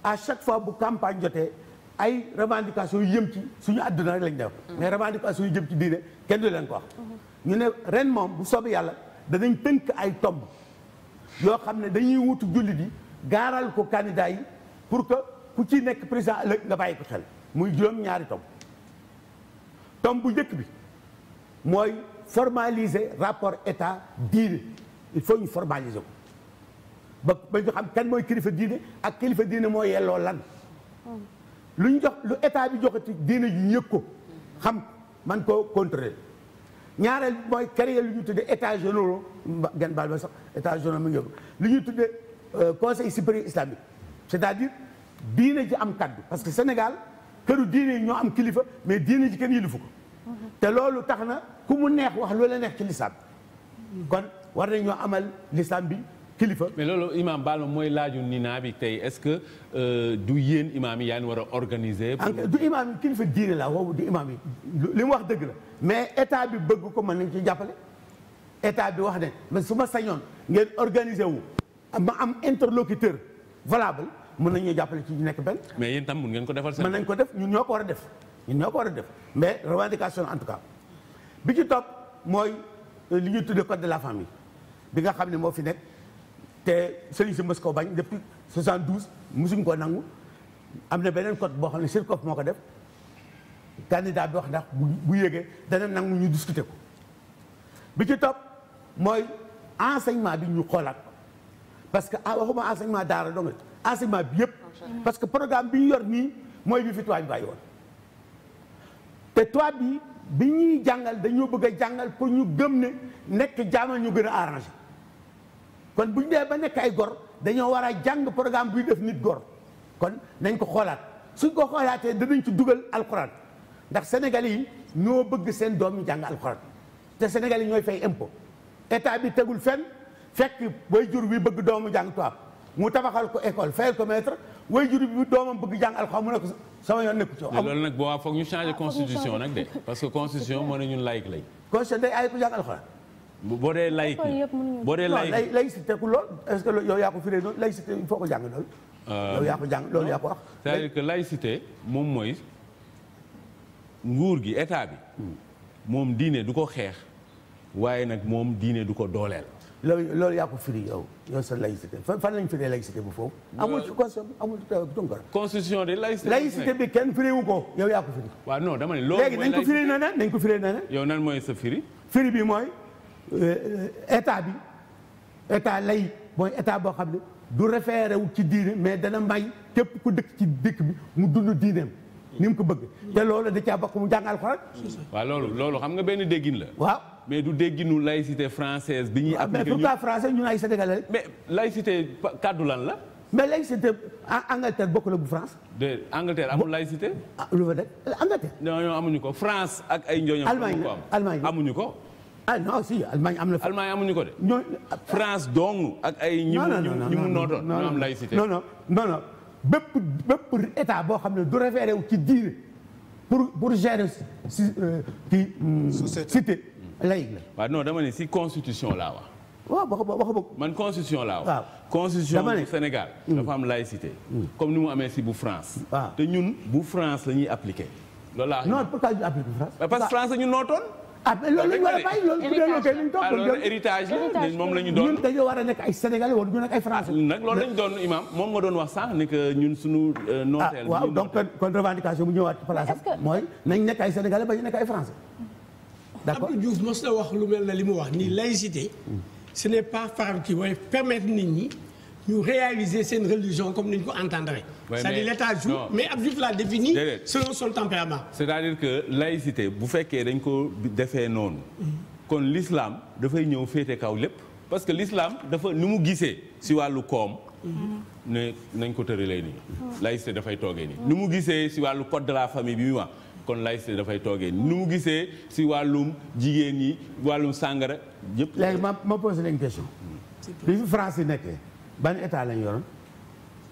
à chaque fois bu campagne jotee ay revendication yu jëm ci suñu àdduna rek lañ def mm-hmm. mais revendication yu jëm ci diine kenn du leen ko wax mm-hmm. ñu ne ren moom bu soobee yàlla danañ tënk ay tom yoo xam ne dañuy wutu jullit yi gaaral ko candidat pour que ku ci nekk président ëllëg nga bàyyi ko xel muy juróom-ñaari tom tomb bu njëkk bi mooy formaliser rapport état diine il faut ñu formaliser ko ba ba ñu xam mooy kilifa diine ak kilifa diine mooy yelloo lan. lu ñu jox lu état bi joxati diine yu yëg ko xam man ko contrôler ñaareel mooy créer lu ñu tuddee état généraux gan baal ba sax état généraux mi ngi lu ñu tuddee euh, conseil supérieur islamique c'est-à-dire diine ji am kaddu parce que Sénégal këru diine yi ñoo am kilifa mais diine ji kenn yilifu ko. te loolu tax na ku mu neex wax lu la neex ci lislaam kon war nañoo amal lislaam bi. kilifa. mais loolu imaam Balma mooy laaju nina bi tey est-ce que euh, du yéen imaam yi yaa war a organiser. du imaam kilifa diine la wow du imaam yi li mu wax dëgg la mais état bi bëgg ko mën nañu ci jàppale état bi wax ne mais suma sañoon ngeen organiser wu ma am interlocuteur valable mën nañu jàppale ci ñu nekk benn. mais yéen tam mun ngeen ko defal se mën nañ ko def ñun ñoo ko war a def ñun ko war a def mais revendication en tout cas bi ci topp mooy euh, li ñuy tuddee code de la famille bi nga xam ne moo fi nekk. te sëriñ si mës koo bañ depuis 72 mosuñ ko nangu am na beneen code boo xam ne Sirkop moo ko def candidat bi wax ndax bu bu yëgee dana nangu ñu discuter ko bi ci topp mooy enseignement bi ñu xoolaat parce que ah, waxuma enseignement daara dong enseignement bi yëpp. parce que programme bi ñu yor nii mooy bi fi tubaab bi bàyyi woon te tubaab bi bi ñuy jàngal dañoo bëgg a jàngal pour ñu gëm ne nekk jaamal ñu gën a arrangé. kon bu ñu dee ba nekk ay gor dañoo war a jàng programme buy def nit gor kon nañ ko xoolaat suñ ko xoolaatee danañ ci dugal alkuraan ndax Sénégal yi ñoo bëgg seen doom yi jàng alxuraan te Sénégal ñooy fay impôt état bi tegul fenn fekk waajur wi bëgg doomu jàng tubaab mu tabaxal ko école fayal ko maître waajur bi doomam bëgg jàng alxuraan mu ne ko sama yoon nekku ci loolu boo waa foog ñu changer ah, constitution nag de parce que constitution moo ne ñun laïc lañ constitution day aay jàng alxuraan boo dee laïc boo dee laïc laïcité ku lool est-ce que yow yaa ko firee noonu laïcité il faut ko jàng lool. Euh, yow yaa ko jàng loolu yaa ko wax. c'est-à-dire que moom mooy nguur gi état bi. moom diine du ko xeex waaye nag moom diine du ko dooleel. loolu loolu yaa ko firi yow yow sa laïcité fan lañ firee laïcité bu foofu. Euh, amul ci constitution amul donc. constitution de kenn firiwu ko yow yaa ko firi. waaw non dama ne loolu mooy laïcité nañ ko firi na ne nañ ko firi na ne. yow nan mooy sa firi. firi bi mooy. Euh, état bi état lay mooy état boo xam ne du référé wu ci diine mais dana may képp ku dëkk ci dëkk bi mu dund diineem ni mu ko bëgg te loolu da caa bokk mu jàngal ko rek. waaw loolu loolu xam nga benn déggin la. waaw mais du dégginu laïcité française bi ñuy. appliqué ah, mais pourquoi français ñun ay sénégalais mais laïcité kàddu lan la. mais laïcité Angleterre bokk la bu France. de Angleterre amul laïcité. ah lu amuñu ko France ak ay. njooñam amuñu ko am Allemagne amuñu ko. ah non si Allemagne am na. Allemagne ko de. France dong ak ay. ñi mu ñi mu nootoon ñu am laïcité. non non non non bépp bépp état boo xam ne du référé wu ci diine pour pour gérer si euh, kii. Hmm, cité laïque la. waaw non dama ne si constitution laa wax. waaw wax wax wax man constitution laa wax. constitution bu Sénégal. Hmm. dafa am laïcité. Hmm. comme ni mu amee si bu France. te ñun bu France la ñuy appliqué. loolu laa non pourquoi ñu appliqué France. parce France la ñu nootoon. ah loolu la ñu war a loolu bu dee moom la ñu doon ñun war nekk ay sénégalais war ñu nekk ay français nag loolu lañu doon imam moom nga doon wax sànq ni que ñun suñu euh, ah, nooteel waaw donc kon revendication bu ñëwaat place mooy nañ nekk ay sénégalais ba ñu nekk ay français d'accord Abdou Diouf mos na wax lu mel na li mu wax ni laïcité ce n'est pas faram ki mooy permettre nit ñi ñu réaliser seen religion comme ni ñu ko entendre c'est-à-dire l'état mais Abdou Diouf l'a défini selon son tempérament c'est-à-dire que laïcité bu fekkee dañ ko defee noonu kon lislaam dafay ñëw féete kaw lépp parce que lislaam dafa ni mu gisee si wàllu koom ne nañ ko tëralee nii laïcité dafay toogee nii ni mu gisee si wàllu code de la famille bi mu wax kon laïcité dafay toogee nii ni mu gisee si wàllum jigéen yi wàllum sàngara yëpp léegi ma ma posé leen question bi mm. fi France yi nekkee ban état lañ yoroon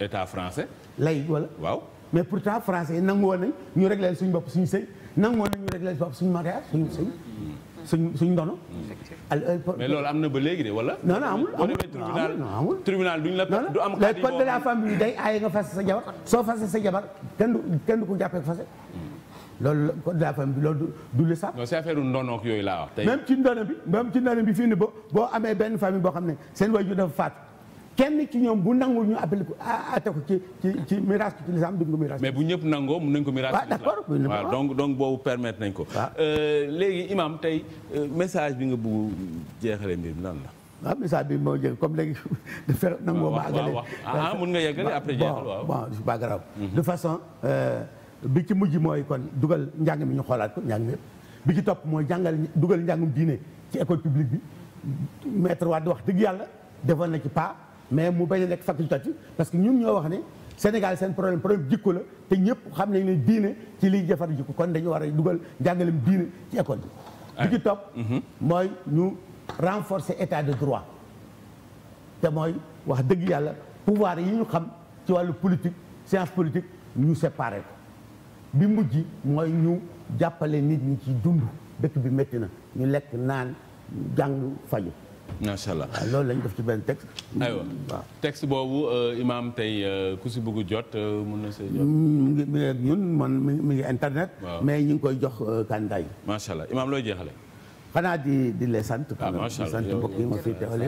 état français. lay wala waaw. mais pourtant français yi nangu woon nañ ñu réglé suñu bopp suñu sëy nangu woon nañ ñu réglé bopp suñu mariage suñu sëy suñ suñ ndono. Euh, mais loolu am na ba léegi de wala. non non amul amul non amul tribunal duñ la. du am xarit code de la famille day aaye nga fase sa jabar soo fase sa jabar kenn du kenn du ko jàppee fase loolu code de la famille loolu du du la non c'est affaire ndono ak yooyu laa wax. tey ci ndono bi même ci ndono bi fii nii boo boo amee benn famille boo xam ne seen waajur dafa faatu. kenn ci ñoom bu nangul ñu appelé ko atte ah, ah, ko ci ci ci miraas ci lislaam duñ miraas mais bu ñëpp nangoo mun nañ ko miraas ah, d'accord waaw donc donc boobu permettre nañ ko euh, léegi imam tey euh, message bi nga bëgg jeexale lan la waaw message bi moo jël comme léegi dafa nangoo ma àggale ah mun nga yeggale après jeexal waaw bon c'est pas mhm. de façon euh, bi ci mujj mooy kon dugal njàng mi ñu xoolaat ko njàng mi bi ci topp mooy jàngal dugal njàngum diine ci école publique bi maître Wade wax dëgg yàlla defoon na ci pas mais mu bañ a nekk facultatif parce que ñun ñoo wax ni Sénégal seen problème problème jikko la te ñëpp xam nañ ne diine ci liy jafar jikko kon dañu war a dugal njàngalem diine ci école bi. bi ci topp. mooy ñu renforcer état de droit te mooy wax dëgg yàlla pouvoir yi ñu xam ci wàllu politique science politique ñu séparé ko bi mujj mooy ñu jàppale nit ñi ci dund dëkk bi métti na ñu lekk naan jàng faju macha allah ah, loolu lañ def ci benn texte. aywa texte boobu euh, imaam tey euh, ku si bëgg jot euh, mun na see ñun man mm, mi ngi internet. mais ñu ngi koy jox kàndaay. macha allah imaam looy jeexale xanaa di di leen sant. ah macha sant mbokk yi ma fi teewale.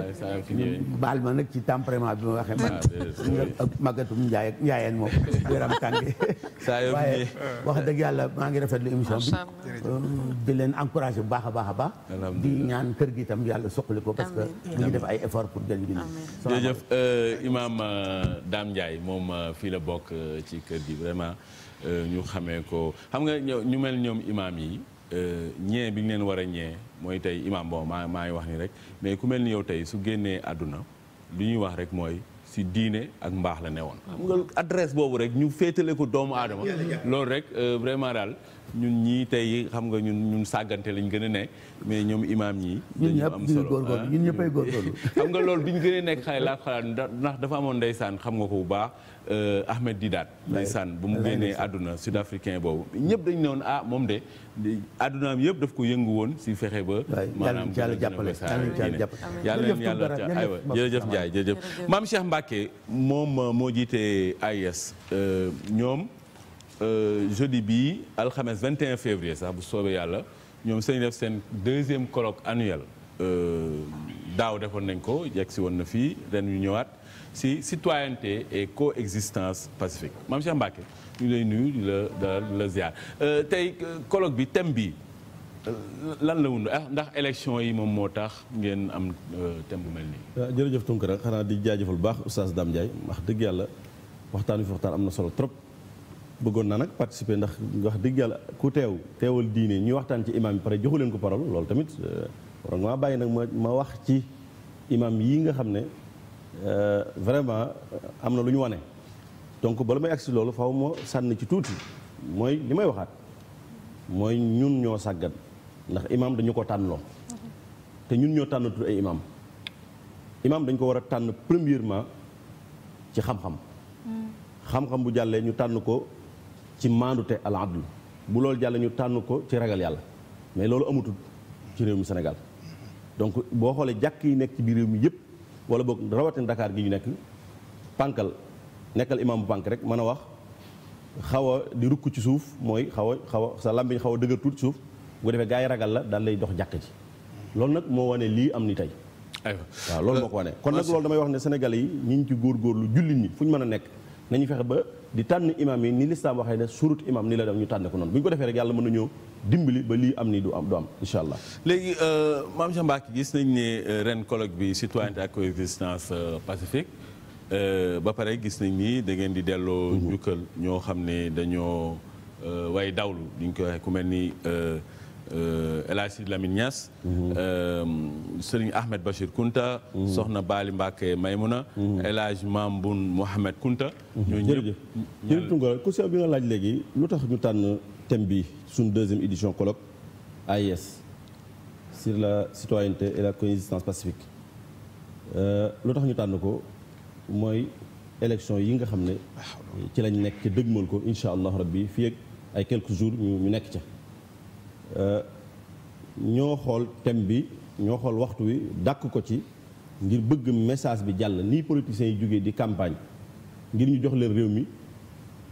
baal ma nag ci tempérament bi ma waxee. man ah, magatum njaay ak njaayeen moom yaram tànge. saa yoo waaye wax dëgg yàlla maa ngi rafetlu émission bi. Euh, di leen encouragé bu baax a baax a baax. di ñaan kër gi itam yàlla suqali ko. parce que def ay effort pour jël ñu. jërëjëf euh, Imaam euh, Dame Ndiaye moom fii la bokk ci kër gi vraiment ñu xamee ko xam nga ñu mel ñoom imaam yi ñee bi ñu leen war a ñee. mooy tey imam bon maa maa ngi wax nii rek mais ku mel ni yow tey su génnee àdduna li ñuy wax rek mooy si diine ak mbaax la ne woon nga boobu rek ñu féetale ko doomu aadama. loolu rek euh, vraiment daal. ñun ñii tey xam nga ñun ñun sàggante lañ gën a ne mais ñoom imaam ñi dañu am solo góorgóorlu ñun ñëppay ah. xam nga loolu bi ñu gën a nekk xale laa xalaat ndax dafa amoon ndeysaan xam nga ko bu baax euh, Ahmed Didat ndeysaan bu mu génnee àdduna sud africain boobu ñëpp dañ ne woon ah moom de àddunaam yëpp daf ko yëngu woon si fexe ba maanaam yàlla jàppale yàlla leen yàlla aywa jërëjëf Ndiaye jërëjëf euh, maam Cheikh Mbacke moom moo jiite AIS ñoom Euh, jeudi bii alxames 21 février sax bu soobee yàlla ñoom sañu def seen deuxième colloque annuel euh, daaw defoon nañ ko yegg si woon na fii ren ñu ñëwaat si citoyenneté et co coexistence pacifique maam Cheikh Mbacke ñu lay nuyu di la dalal la ziar euh, tey colloque bi thème bi lan la wund ah ndax élection yi moom moo tax ngeen am thème bu mel nii. waaw ah, jërëjëf Tunkara xanaa di jaajëfal baax oustaz Dame Ndiaye wax dëgg yàlla waxtaan wi fi waxtaan am na solo trop. bëggoon na nag participer ndax wax dëgg yàlla ku teew teewal diine ñuy waxtaan ci imaam yi pare joxu leen ko parole loolu tamit euh, war maa bàyyi nag ma ma wax ci imaam yii nga xam ne euh, vraiment euh, am na lu ñu wane. donc bala may agsi loolu faw ma sànni ci tuuti mooy li may waxaat mooy ñun ñoo sàggan ndax imaam dañu ko tànnloo te ñun ñoo tànnatul ay imaam imaam dañ ko war a tànn premièrement ci xam-xam hmm. xam-xam bu jàllee ñu tànn ko ci maandute al adl bu loolu jàll ñu tànn ko ci ragal yàlla mais loolu amatul ci réew mi Sénégal donc boo xoolee jàkk yi nekk ci biir réew mi yëpp wala boog rawatina ndakaar gi ñu nekk pànkal nekkal imaam bu pànk rek mën a wax xaw a di rukk ci suuf mooy xaw a xaw a sa lambiñ xaw a dëgër tuuti suuf bu ko defee gars yi ragal la daal lay dox jàkk ji loolu nag moo wane lii am ni tey aywa waaw loolu moo ko wane kon nag loolu damay wax ne senegal yi ñu ngi ci góorgóorlu jullit ñi fu ñu mën a nekk nañu di tànn imaam yi ni lislaam waxee ne surut imaam ni la dem ñu tànn ko noonu bu ñu ko defee rek yàlla mën na ñëw dimbali ba lii am nii du am du am allah. léegi euh, maam Cheikh Mbacke gis nañ ne euh, ren colloque bi citoyenneté ak coexistence euh, pacifique ba pare gis nañ nii da ngeen di delloo. Mhm. njukkal ñoo xam ne dañoo waaye dawlu ñu koy ku mel ni. Euh, El Hadj Sidi Lamine Niass. Mhm. Euh, Serigne Ahmed Bachir Kunta. Mhm. Soxna Bali Mbacke Maymuna. Mhm. El Hadj Maam Bun Mohamed Kunta. ñooñu ñëpp jërëjëf Tounkara bi nga laaj léegi lu tax ñu tànn thème bi suñu deuxième édition colloque AIS sur la citoyenneté et la coexistence pacifique euh, lu tax ñu tànn ko mooy élection yi nga xam ne ci lañ nekk dëgmal ko incha allah rabbi fii ak ay quelques jours ñu nekk ca. Euh, ñoo xool thème bi ñoo xool waxtu wi dàkk ko ci ngir bëgg message bi jàll nii politiciens yi jógee di campagne ngir ñu jox leen réew mi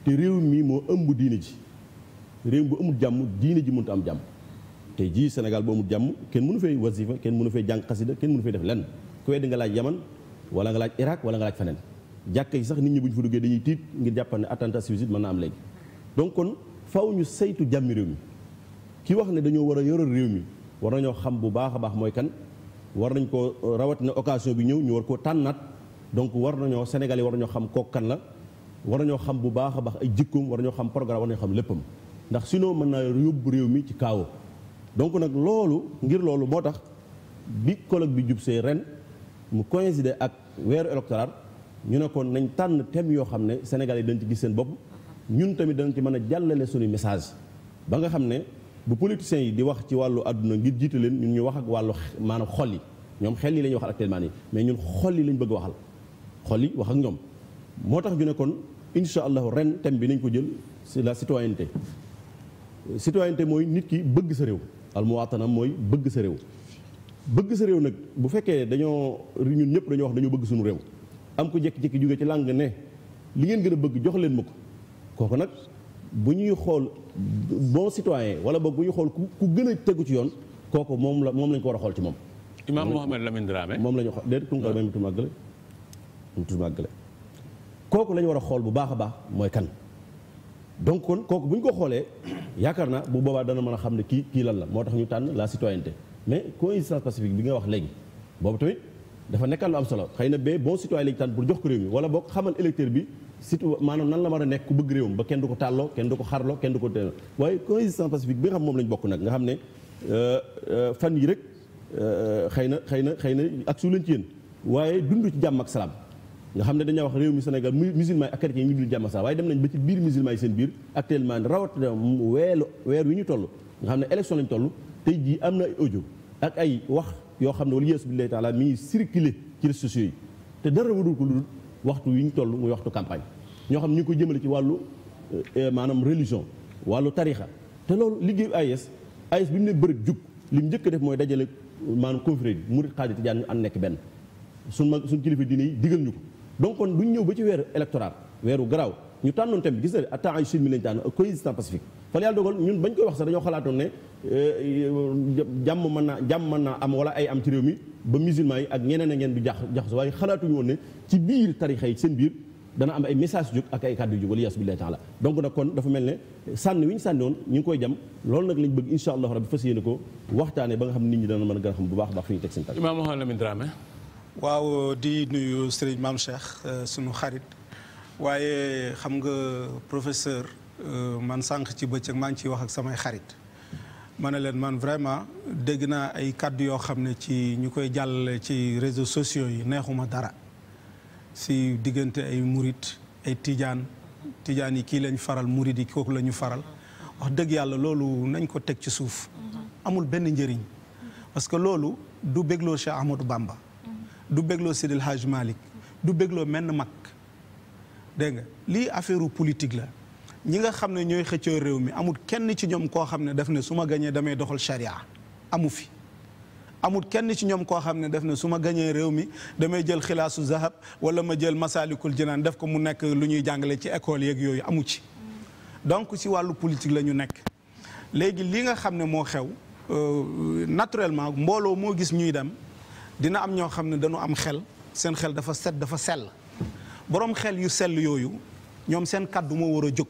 te réew mi moo ëmb diine ji réew bu amul jàmm diine ji mënut am jàmm te jii Sénégal bu amul jàmm kenn mënu fay wasifa kenn mënu fay jàng xasida kenn mënu fay def lenn ku wedd nga laaj Yaman wala nga laaj Irak wala nga laaj feneen jàkka yi sax nit ñi bu ñu fa duggee dañuy tiit ngir jàppal ne attentat suicide mën na am léegi donc kon faw ñu saytu jàmmi réew ki wax ne dañoo war a yore réew mi war nañoo xam bu baax a baax mooy kan war nañ ko rawatina occasion bi ñëw ñu war koo tànnaat donc war nañoo sénégalais war nañoo xam kooku kan la war nañoo xam bu baax a baax ay jikkoom war nañoo xam programme war nañoo xam léppam ndax sinon mën naa yóbbu réew mi ci kaawo donc nag loolu ngir loolu moo tax bi colloque bi jub see ren mu coïncider ak weeru électoral ñu ne kon nañ tànn tem yoo xam ne sénégal yi dañ ci gis seen bopp ñun tamit danañ ci mën a jàllale suñu message ba nga xam ne bu politiciens yi di wax ci wàllu àdduna ngir jiite leen ñun ñu wax ak wàllu maanaam xol yi ñoom xel yi lañu ñuy waxal actuellement nii mais ñun xol yi lañ bëgg waxal xol yi wax ak ñoom moo tax ñu nekkoon kon insha allahu ren thème bi nañ ko jël c'est la citoyenneté citoyenneté mooy nit ki bëgg sa réew almuwaatana mooy bëgg sa réew bëgg sa réew nag bu fekkee dañoo ñun ñëpp dañoo wax dañoo bëgg suñu réew am ko jékki-jékki jóge ci làng ne li ngeen gën a bëgg jox leen ma ko kooku nag bu ñuy xool bon citoyen wala boog bu ñuy xool ku ku gën a tegu ci yoon kooku moom la moom la ko war a xool ci moom. Imam Mohamed Lamine Dramé moom la ñu xool déedéet ku mu koy may mu tudd màggale kooku la war a xool bu baax a baax mooy kan. donc kon kooku bu ñu ko xoolee yaakaar naa bu boobaa dana mën a xam ne kii kii lan la moo tax ñu tànn la citoyenneté mais coexistence pacifique bi nga wax léegi boobu tamit dafa nekkaat lu am solo xëy na bee bon citoyen lañu tànn pour jox ko réew mi wala boog xamal électeur bi. surtout maanaam nan la war a nekk ku bëgg réewam ba kenn du ko tàlloo kenn du ko xarloo kenn du ko delloo waaye coexistence pacifique bi nga xam ne euh, euh, fan yi rek euh, xëy na xëy na xëy na ak su lañ ci waaye dund ci jàmm ak salaam nga xam ne dañoo wax réew mi Sénégal muy musulman yi ak chrétien yi ñu dund jàmm ak salaam waaye dem nañ ba ci biir musulman yi seen biir actuellement rawatina weelu weer wi ñu toll nga xam ne élection lañ toll tey jii am na ay audio ak ay wax yoo xam ne wala yeesu billahi taala mi ngi circulé ci réseaux sociaux yi te dara warul ko lu waxtu yu ñu toll muy waxtu campagne ñoo xam ñu ngi ko jëmale ci wàllu euh, euh, maanaam religion wàllu tarixa te loolu liggéeyu AIS AIS bi mu ne bërëb jug li mu njëkk def mooy dajale maanaam confrérie bi murit xaadir tijaan ñu ànd nekk benn su mag suñ kilifa diine yi digal ñu ko donc kon duñ ñëw ba ci weeru électoral weeru garaw ñu tànnoon thème bi gis nga temps ay Chine mi lañu tànn coexistence pacifique fan yàlla dogal ñun bañ koy wax sax dañoo xalaatoon ne euh, jàmm mën naa jàmm mën naa am wala ay am ci réew mi ba musulman yi ak ñeneen a ngeen du jax jaxasoo waaye xalaatuñu woon ne ci biir tarixa yi seen biir dana am ay message jóg ak ay kàddu jóg wala yas billahi taala donc na kon dafa mel ne sànni wi ñu sànni woon ñu ngi koy jam loolu nag lañ bëgg insha allahu rabbi fa yéene ko k ba nga xam nit ñi dana mën a gën a xam bu baax baax fi ñu teg seen tànk Imam Mohamed Lamine Dramé waaw di nuyu waaye xam nga professeur euh, man sànq ci bëccëg maa ngi ciy wax ak samay xarit ma ne leen man vraiment dégg naa ay kàddu yoo xam ne ci ñu koy jàllale ci réseau sociaux yi neexuma dara si diggante ay murit ay tijaan tijaan yi kii lañ faral murit yi kooku la ñu faral wax dëgg yàlla loolu nañ ko teg ci suuf amul benn njëriñ parce que loolu du bégloo Cheikh Ahmadou Bamba du bégloo Sidil Hadj Malick du bégloo menn mag dégg nga lii affaire politique la ñi nga xam ne ñooy xëccoo réew mi amut kenn ci ñoom koo xam ne daf ne su ma gañee damay doxal charia amu fi amul kenn ci ñoom koo xam ne daf ne su ma gañee réew mi damay jël xilaasu zahab wala ma jël masaalikul jinaan def ko mu nekk lu ñuy jàngale ci école yeeg yooyu amu ci donc si wàllu politique la ñu nekk léegi lii nga xam ne moo xew euh, naturellement mbooloo moo gis ñuy dem dina am ñoo xam ne dañu am xel seen xel dafa set dafa sell boroom xel yu sell yooyu ñoom seen kàddu moo war a jóg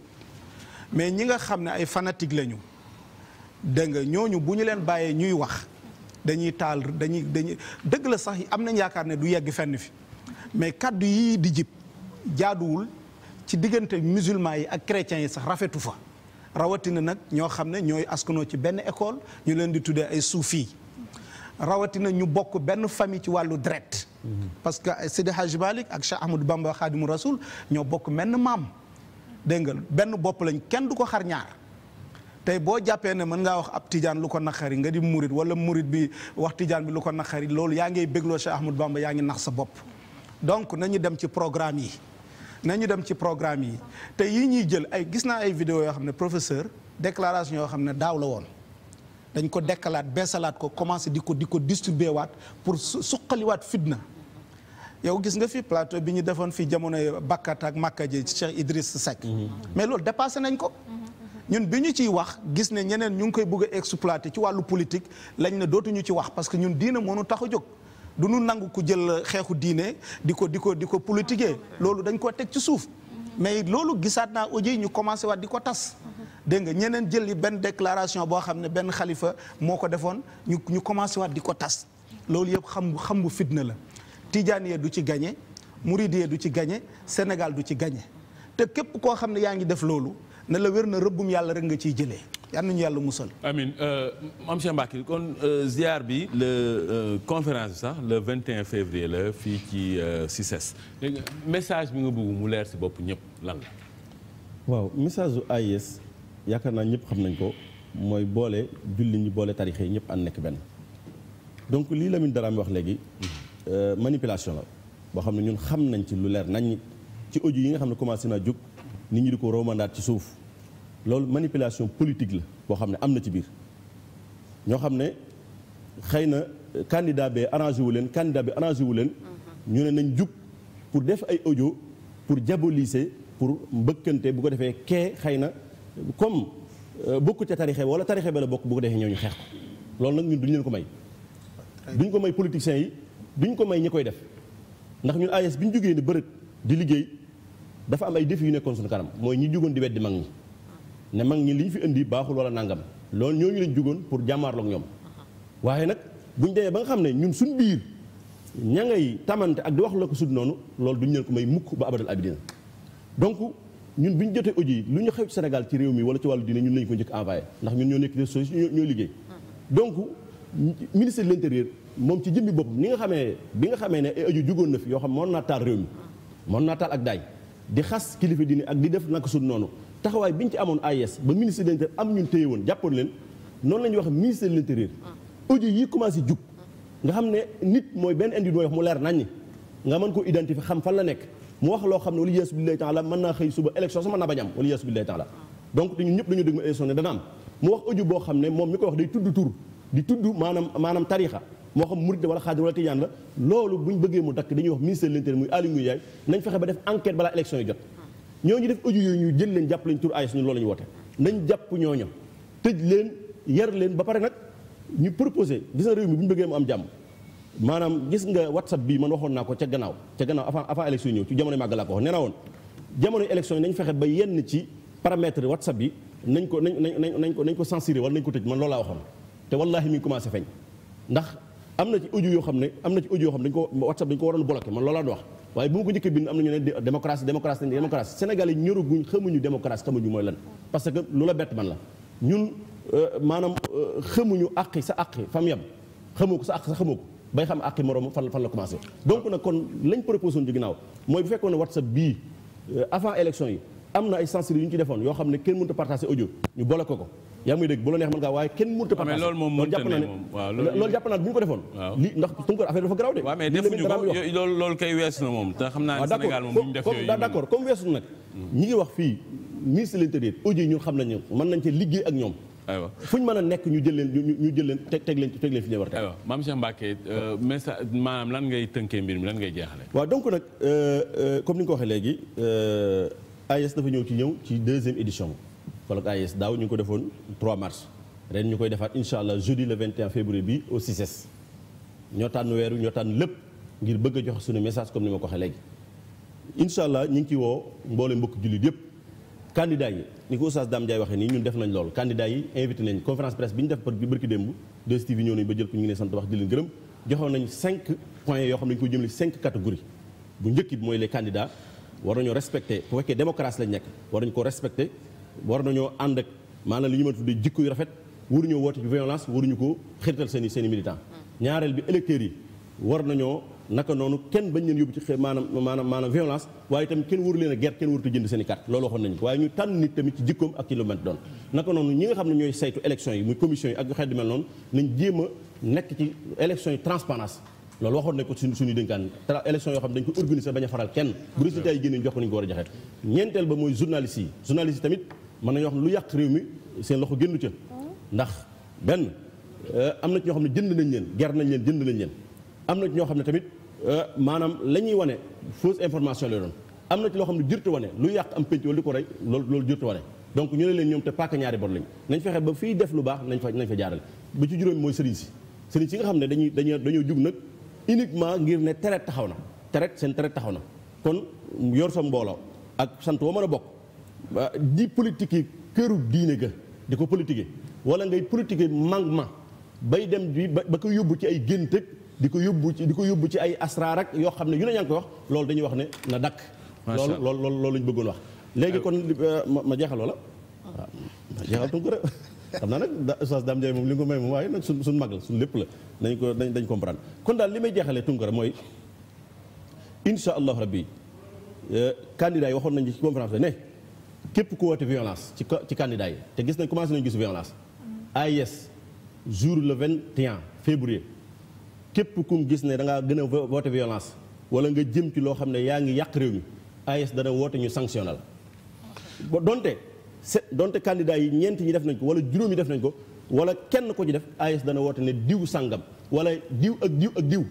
mais ñi nga xam ne ay fanatique lañu dégg nga ñooñu bu ñu leen bàyyee ñuy wax dañuy taal dañuy dañuy dëgg la sax am nañ yaakaar ne du yegg fenn fi mais kàddu yii di jib jaaduwul ci diggante musulman yi ak chrétiens yi sax rafetu fa rawatina nag ñoo xam ne ñooy askanoo ci benn école ñu leen di tuddee ay soufi rawatina ñu bokk benn famille ci wàllu dret parce que Seydi Hadji Malick ak Cheikh Ahmadou Bamba Khadimu Rasoul ñoo bokk menn maam dégg nga benn bopp lañ kenn du ko xar tey boo jàppee ne mën ngaa wax ab tijaan lu ko naqari nga di murit wala murit bi wax tijaan bi lu ko naqari loolu yaa ngi bégloo Cheikh Ahmadou Bamba yaa ngi nax sa bopp donc nañu dem ci programme yi nañu dem ci programme yi te yii ñuy jël ay gis naa ay vidéo yoo xam ne professeur déclaration yoo xam ne daaw la woon dañ ko dekkalaat beesalaat ko commencé di ko di ko distribuer waat pour suqaliwaat fitna yow gis nga fi plateau bi ñu defoon fi jamono Bakkat ak Makka ji Cheikh Idriss Seck. Mhm. mais loolu dépassé nañ ko. ñun bi ñu ciy wax gis ne ñeneen ñu ngi koy bëgg a exploité ci wàllu politique lañ ne dootuñu ci wax parce que ñun diina moo nu tax jóg. du nu nangu ku jël xeexu diine di ko di ko di ko politiquer loolu dañ koo teg ci suuf. mais loolu gisaat naa audio yi ñu commencé waat di ko tas. dégg nga ñeneen jël yi benn déclaration boo xam ne benn xalifa moo ko defoon ñu ñu commencé waat di ko tas. loolu yëpp xam xam bu fitna la. Tidiane du ci gagné Mouride du ci gagné Sénégal du ci gagné te képp koo xam ne yaa ngi def loolu ne la wér na rëbbum yàlla rek nga ciy jëlee yal nañu yàlla musal. amiin euh, am Cheikh Mbacké kon euh, ziar bi le euh, conférence sax le 21 février la fii ci CICES léegi e message bi nga bëgg mu leer si bopp ñëpp lan la. waaw message su AIS e yaakaar naa ñëpp xam nañ ko mooy boole julli ñu boole tarixe yi ñëpp ànd nekk benn donc lii Lamine Darame wax léegi. Euh, manipulation la boo xam ne ñun xam nañ ci lu leer nañ ci audio yi nga xam ne commencé naa jóg nit ñi di ko romandaat ci suuf loolu manipulation politique la boo xam ne am na ci biir ñoo xam ne xëy na kandidaa be arrangé wu leen candidat bi arrangé wu leen mm-hmm. ñu ne nañ jug pour def ay audio pour diaboliser pour mbëkkante bu ko defee kee xëy na comme euh, bokku ca tarixe wala tarixe ba la bokk bu ko defee ñoo ñu xeex ko loolu nag ñun duñu leen ko may duñ ko may politiciens duñ ko may ñi koy def ndax ñun AES bi ñu jógee ni bërët di liggéey dafa am ay défis yu nekkoon suñu kanam mooy ñi jugoon di weddi mag ñi ne mag ñi li ñu fi indi baaxul wala nangam loolu ñooñu lañ jugoon pour jàmmaarloog ñoom waaye nag bu ñu demee ba nga xam ne ñun suñ biir ña ngay tamante ak di wax la ko sud noonu loolu duñ leen ko may mukk ba abadal abidina donc ñun bi ñu jotee audio yi lu ñu xew ci ci réew mi wala ci wàllu diine ñun lañu ko njëkk envoyé ndax ñun ñoo nekk réseaux sociaux ñoo donc ministère de moom ci jëmmi bopp ni nga xamee bi nga xamee ne ay aju jugoon na fi yoo xam moon naa taal réew mi moon naa taal ak daay di xas kilifa diine ak di def naka su noonu taxawaay bi ñu ci amoon AIS ba ministre de l'intérieur am woon jàppoon leen noonu la ñuy wax ministre de l'intérieur aju yi commencé jug nga xam ne nit mooy benn indi mooy wax mu leer naññi nga mën ko identifier xam fan la nekk mu wax loo xam ne wala yeesu billahi taala mën naa na bañ am wala yeesu billahi taala donc te ñun ñëpp dañoo dégg ma élection ne dana mu wax aju boo xam ne moom mi ko wax day tudd tur di tudd maanaam maanaam tarixa moo xam murid wala xaadir wala tijaan la loolu buñ bëggee mu dakk dañuy wax ministre de l'intérieur muy Aly Ngouille Ndiaye nañ fexe ba def enquête balaa élection yi jot ñooñu def audio yooyu ñu jël leen jàpp lañ tur ay suñu loolu la woote nañ jàpp ñooña tëj leen yar leen ba pare nag ñu proposé gis nga réew mi bu bëggee mu am jàmm maanaam gis nga whatsapp bii man waxoon naa ko ca gannaaw ca gannaaw avant avant élection ñëw ci jamono màgg laa ko wax nañ fexe ba yenn ci paramètre whatsapp yi nañ ko nañ nañ nañ ko nañ ko censuré wala nañ ko tëj man loolu laa te wallaahi mi ngi commencé feeñ ndax am na ci audio yoo xam ne am na ci audio yoo xam ne dañ ko whatsapp dañ ko waroon bloqué man loolaa wax waaye bu ma ko njëkk bind am na ñu ne sa àqi fam yem xamoo ko sa àq sa xamoo ko bay xam àqi moroom fan fan la commencé donc kon lañ proposé woon mooy bu fekkoon ne whatsapp bii euh, avant élection yi am na ay censure yu ñu ci defoon yoo xam ne kenn mënut a partagé audio ñu bloqué ko yaa ngi may dégg bu la neex mën ngaa waaye kenn mënut a partage ah, mais loolu moom mënut a ne moom waaw loolu jàpp naa ne bu ñu ko defoon li ndax Tunkar affaire ko ah, def nag ñi ngi wax fii ministre de l' intérieur audio nañ liggéey ak ñoom aywa fu ñu a nekk ñu jël leen ñu jël leen teg leen teg leen fi ñu war a teg. aywa maam Cheikh Mbacke euh, lan ngay tënkee mbir mi lan ngay jeexale. waa donc nag euh, euh, comme ni nga ko waxee léegi AIS dafa ñëw ci ñëw ci deuxième édition colloque AIS daaw ñu ngi ko defoon 3 mars ñu koy defaat incha allah jeudi le 21 février bi au CICES ñoo tànn weeru ñoo tànn lépp ngir bëgg a joxe suñu message comme ni ma ko waxee léegi incha allah ñu ngi ci woo mboole mbokk jullit yëpp candidat yi ni ko oustaz Dame Ndiaye waxe ni ñun def nañ lool candidat yi invité nañ conférence presse bi ñu def bërki démb 2STV ñëw nañ ba jël ko ñu ngi ne sant wax di leen gërëm joxoon nañ cinq points yoo xam ne ñu ko jëmale cinq catégories bu njëkk bi mooy les candidats war nañoo respecté bu fekkee démocratie lañ nekk war nañ ko respecté war nañoo ànd ak maanaam li ñu mën tuddee jikko yu rafet waruñoo woote violence waruñu ko xirtal seen i seen i militant hmm. ñaareel bi électeurs yi war nañoo naka noonu kenn bañ leen yóbbu ci maanaam maanaam maanaam violence waaye tamit kenn waru leen a guerre kenn warut a jënd seen i carte loolu waxoon nañu ko waaye ñu tànn nit tamit ci jikkoom ak ci lu mel doon naka nañ jéem a nekk ci élection transparence loolu waxoon nañ ko suñu suñu dénkaan élection yoo xam dañ ko organiser bañ a faral kenn bu résultat yi mën nañoo xam ne lu yàq réew mi seen loxo génnu ca ndax benn euh, am na ci ñoo xam ne jënd nañ leen ger nañ leen jënd nañ leen am na ñoo xam ne tamit euh, maanaam la ñuy wane fausse information lay doon am na ci loo xam ne jërtu wane lu yàq am pénc wala li ko rey loolu loolu jërtu wane donc ñu ne leen ñoom te paaka ñaari bor lañ nañ fexe ba fii def lu baax nañ fa nañ fa jaarale ba ci juróomi mooy sëriñ si sëriñ si nga xam ne dañuy dañoo dañoo jug nag uniquement ngir ne traite taxaw na traite seen taxaw na kon yor sa mbooloo ak sant woo mën a bokk di politique këru diine ga di ko politiquer wala ngay politiquer mag ma bay dem bi ba ko yóbbu ci ay gént ak di ko yóbbu ci di ko yóbbu ci ay asraar ak yoo xam ne yu ne ñaa ngi wax loolu dañuy wax ne na dakk loolu loolu loolu loolu lañu bëggoon wax léegi kon euh, ma jeexal loola waaw ah, ma jeexal tun rek xam naa nag Oustaz Dame Ndiaye moom li nga ko may moom waaye nag suñ mag la suñ lépp la nañ ko dañ comprendre kon daal li may jeexalee Tunkara mooy insha allahu rabbi euh, candidat yi waxoon nañu ci conférence ne képp ku woote violence ci ci candidat yi te gis nañ commencé nañu gis violence as jour le vingt 21 février képp ku gis ne danga gën a woote violence wala nga jëm ci loo xam ne yaa ngi yàq réew mi as dana woote ñu sanctionné la donte se donte candidat yi ñeent ñi def nañ ko wala juróom yi def nañ ko wala kenn ko ci def as dana woote ne diw sàngam wala diw ak diw ak diw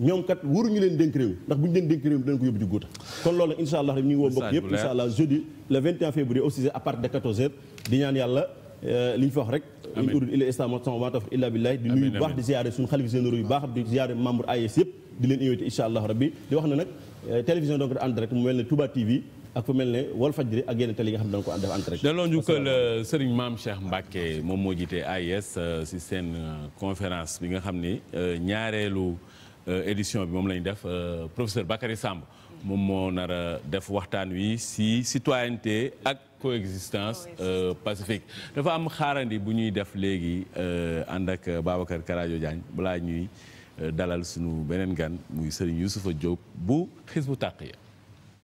ñoom kat waruñu leen dénk réew ndax bu ñu leen dénk réew dinañ ko yóbbu ci góota kon loolu nag insha allah ñu ngi woo mbokk yëpp insha allah jeudi le 21 euh, wa tawfiq illa billahi di nuyu baax di ziyaare suñu xalifa généraux yu baax di ziyaare membre AES yëpp di leen en euh, direct mu ak fu mel ne Walfadjri ak yenn télé yi nga xam ne maam euh, Cheikh Mbacke moom moo jiite AES si seen conférence bi nga xam ni ñaareelu Euh, édition bi moom la ñu def euh, professeur Bakary Samb moom moo nar a def waxtaan wi si citoyenneté ak coexistence euh, pacifique dafa am xaarandi bu ñuy def léegi ànd ak Babacar Karajo balaa ñuy dalal sunu beneen gan muy Serigne Youssoufa Diop bu Hizbut Tarqiyyah